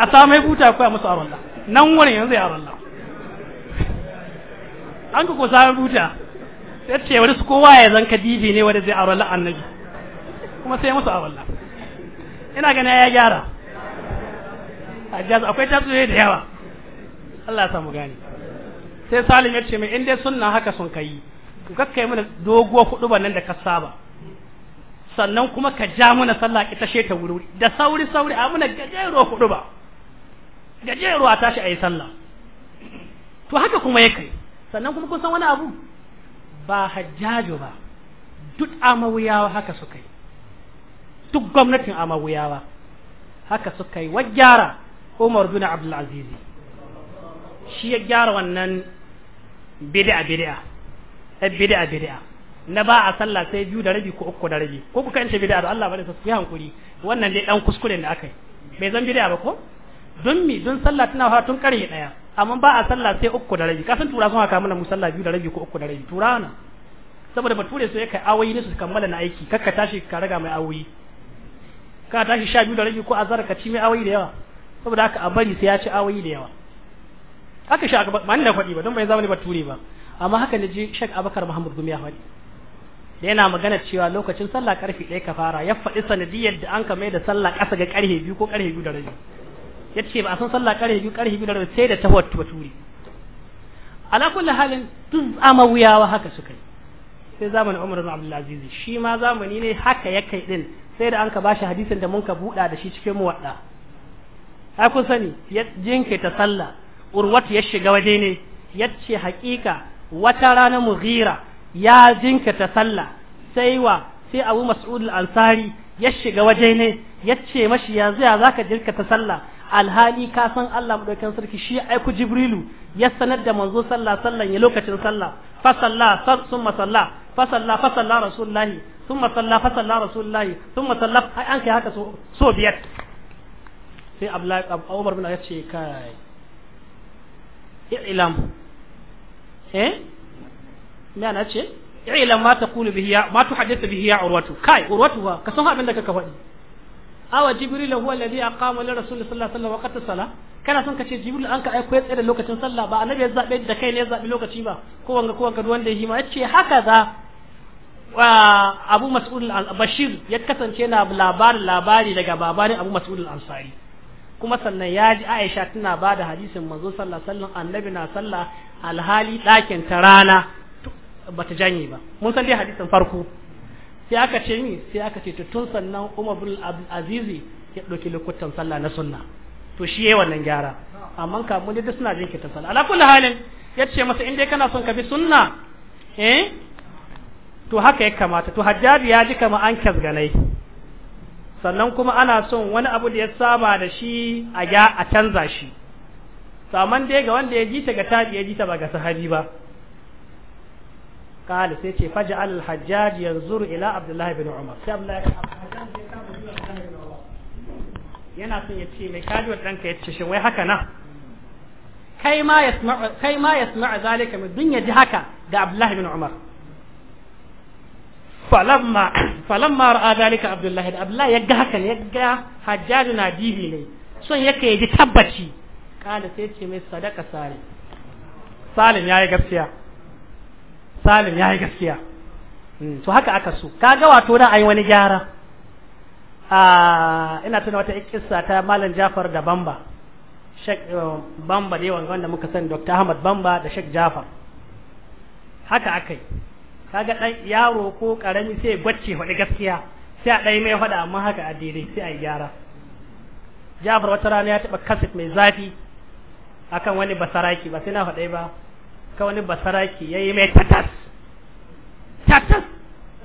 a samai buta koya musu arwalla nan woni yanzu ya arwalla an ka ko samun buta sai ce wani su kowa ya zanka dibi ne wanda zai arwalla annabi kuma sai musu arwalla ina ganin ya gyara a jazu akwai tasoye da yawa Allah ya samu gani sai salim ya ce mai inda sunna haka sun kai ku kai mana dogo hudu nan da ka saba sannan kuma ka ja mana sallah ita she ta wuri da sauri sauri a muna gajero hudu ba gajero a tashi ayi sallah to haka kuma ya kai sannan kuma kun san wani abu ba hajjajo ba duk amawuyawa haka suka yi duk gwamnatin amawuyawa haka suka yi wajjara Umar bin Abdul Aziz shi ya gyara wannan bid'a bid'a bid'a bid'a na ba a sallah sai biyu da rabi ko uku da rabi ko kuka yance bid'a da Allah bane sai yi hankuri wannan dai dan kuskuren da aka yi bai zan bid'a ba ko don mi don sallah tana ha tun kare daya amma ba a sallah sai uku da rabi kasan tura sun haka mana mu sallah biyu da rabi ko uku da rabi tura na saboda bature so ya kai awoyi ne su kammala na aiki kakka tashi ka raga mai awayi ka tashi sha biyu da rabi ko azar ka ci mai awayi da yawa saboda haka a bari sai ya ci awayi da yawa haka sha ba ni da faɗi ba don bai zama ne bature ba amma haka ne ji Sheikh Abubakar Muhammad gumiya ya da yana magana cewa lokacin sallah karfe ɗaya ka fara ya faɗi sanadiyar da an ka mai da sallah ƙasa ga karfe biyu ko karfe biyu da rabi ya ce ba a san sallah karfe biyu karfe biyu da rabi sai da ta tawat baturi ala kulli halin duk ama wuyawa haka suka yi sai zamanin Umar bin Abdul Aziz shi ma zamani ne haka ya kai din sai da an ka bashi hadisin da mun ka buɗa da shi cikin wadda ai kun sani ya jinke ta sallah urwatu ya shiga waje ne yace hakika. wata rana mughira ya jinkata sallah sai wa sai abu mas'ud al-ansari ya shiga waje ne ya ce mashi yanzu ya zaka jinkata sallah alhali ka san Allah madaukakin sarki shi aiku jibrilu ya sanar da manzo sallah sallan ya lokacin sallah fa sallah summa sallah fa sallah fa sallah rasulullahi summa sallah fa sallah rasulullahi summa sallah ai an kai haka so so biyar sai Abdullahi Umar bin ya ce kai i'lam eh me ana ce ilam ma taqulu bihi ya ma tuhaddithu bihi ya urwatu kai urwatu ba ka san abin da kaka faɗi awa jibril huwa alladhi aqama li rasul sallallahu alaihi wasallam waqt salah kana son ce jibril an ka aiko ya tsaye da lokacin sallah ba annabi ya zabe da kai ne ya zabi lokaci ba ko wanga ko wanga wanda ya hima yace haka za Abu Mas'ud al-Bashir ya kasance na labarin labari daga babarin Abu Mas'ud al-Ansari kuma sannan ya ji Aisha tana ba da hadisin manzo sallallahu alaihi wasallam annabi na sallah alhali dakin ta rana bata janye ba mun san dai hadisin farko sai aka ce ni sai aka ce tun sannan Umar bin Abdul Aziz ya ɗauki lokutan sallah na sunna to shi yayin wannan gyara amma ka mun da suna jinkirta sallah ala kulli halin yace masa in dai kana son ka bi sunna eh to haka ya kamata to hajjaji ya ji kama an kasganai sannan kuma ana son wani abu da ya saba da shi a ya a canza shi saman dai ga wanda ya ji ta ga tabi ya ji ta ba ga sahabi ba قال sai ce الحجاج ينظر إلى عبد ila Abdullahi عمر Umar. عبد الله بن عمر yana son ya ce mai kaji wa ɗanka ya ce shi wai haka na kai ma yasma'a zalika mai dun ya ji haka ga Abdullahi bin Umar falamma falamma ra'a dalika abdullahi da abdullahi ya ga haka ya ga hajjaju na dibi ne son yake ya ji tabbaci kala sai ce mai sadaka salim salim yayi gaskiya salim yayi gaskiya to haka aka so kaga wato da ayi wani gyara a ina tuna wata kissa ta malam Jafar da Bamba Sheikh Bamba dai wanda muka san Dr. Ahmad Bamba da Sheikh Jafar haka akai kaga dan yaro ko karami sai gwacce hodi gaskiya sai a dai mai faɗa amma haka a sai a gyara Jafar wata rana ya taba kasit mai zafi akan wani basaraki ba sai na faɗai ba kan wani basaraki ya mai tatas tatas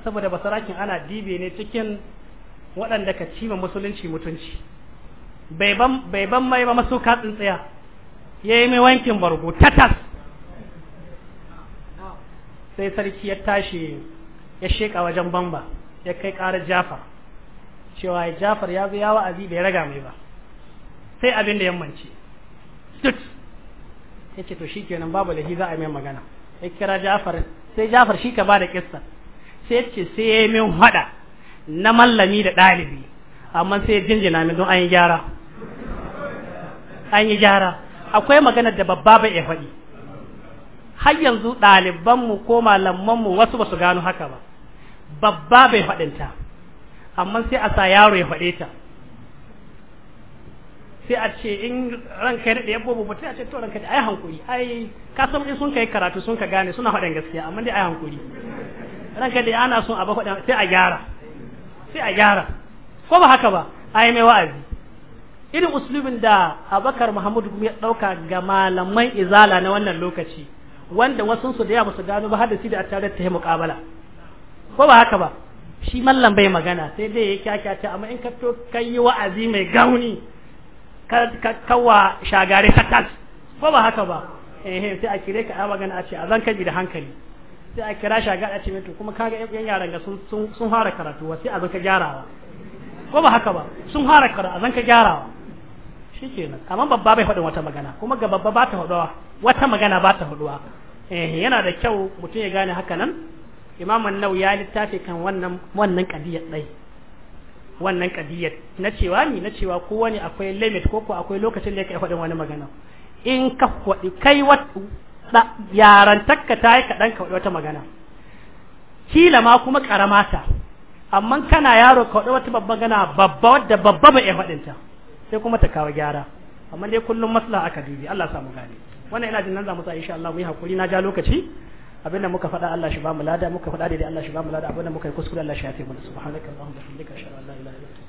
saboda basarakin ana dibe ne cikin waɗanda ka cima musulunci mutunci bai ban mai ba masu katsin tsaya ya yi mai wankin bargo tatas sai sarki ya tashi ya sheka wajen bamba ya kai karar jafar cewa ya jafar ya zo ya wa'azi bai raga mai ba sai abin da yammanci duk ya ce to shi kenan babu lahi za a mai magana ya kira jafar sai jafar shi ka ba da kista sai ya ce sai ya yi min haɗa na mallami da ɗalibi amma sai ya jinjina min don an yi gyara an yi gyara akwai maganar da babba bai ya faɗi har yanzu ɗalibanmu ko malamanmu wasu ba su gano haka ba babba bai faɗinta amma sai a sa yaro ya faɗe ta sai a ce in ranka da ya bobo mutum a ce to ranka da ai hankuri ai ka san in sun kai karatu sun ka gane suna faɗin gaskiya amma dai ai hankuri ranka da ana son a ba faɗin sai a gyara sai a gyara ko ba haka ba ai mai wa'azi irin uslubin da abakar muhammadu kuma ya ɗauka ga malaman izala na wannan lokaci wanda wasu su da yawa su gano ba shi da attarar ta yi muƙabala ko ba haka ba shi mallam bai magana sai dai ya kyakya ta amma in ka to kai yi wa'azi mai gauni ka kawa shagare ta tas ko ba haka ba eh sai a kire ka a magana a ce a zan kaji da hankali sai a kira shagare a ce mai to kuma kaga yan yaran ga sun sun fara karatu wa sai a zan ka gyarawa ko ba haka ba sun fara karatu a zan ka gyarawa shikenan amma babba bai faɗin wata magana kuma ga babba ba ta faɗawa wata magana ba ta huduwa eh yana da kyau mutum ya gane haka nan imam annau ya littafi kan wannan wannan kadiyar dai wannan kadiyar na cewa ni na cewa ko wani akwai limit ko ko akwai lokacin da yake faɗin wani magana in ka faɗi kai wata yaran takka ta yi kaɗan ka wata magana kila ma kuma ta amma kana yaro ka faɗi wata babban gana babba wadda babba ba ya ta sai kuma ta kawo gyara amma dai kullum maslaha aka dubi Allah ya samu gane wannan ina jin nan za mu sa insha Allah mu yi hakuri na ja lokaci abinda muka faɗa Allah shi ba mu lada muka faɗa daidai Allah shi ba mu lada abinda muka yi kuskure Allah shi ya fi mu subhanakallahumma wa bihamdika ashhadu an la ilaha illa anta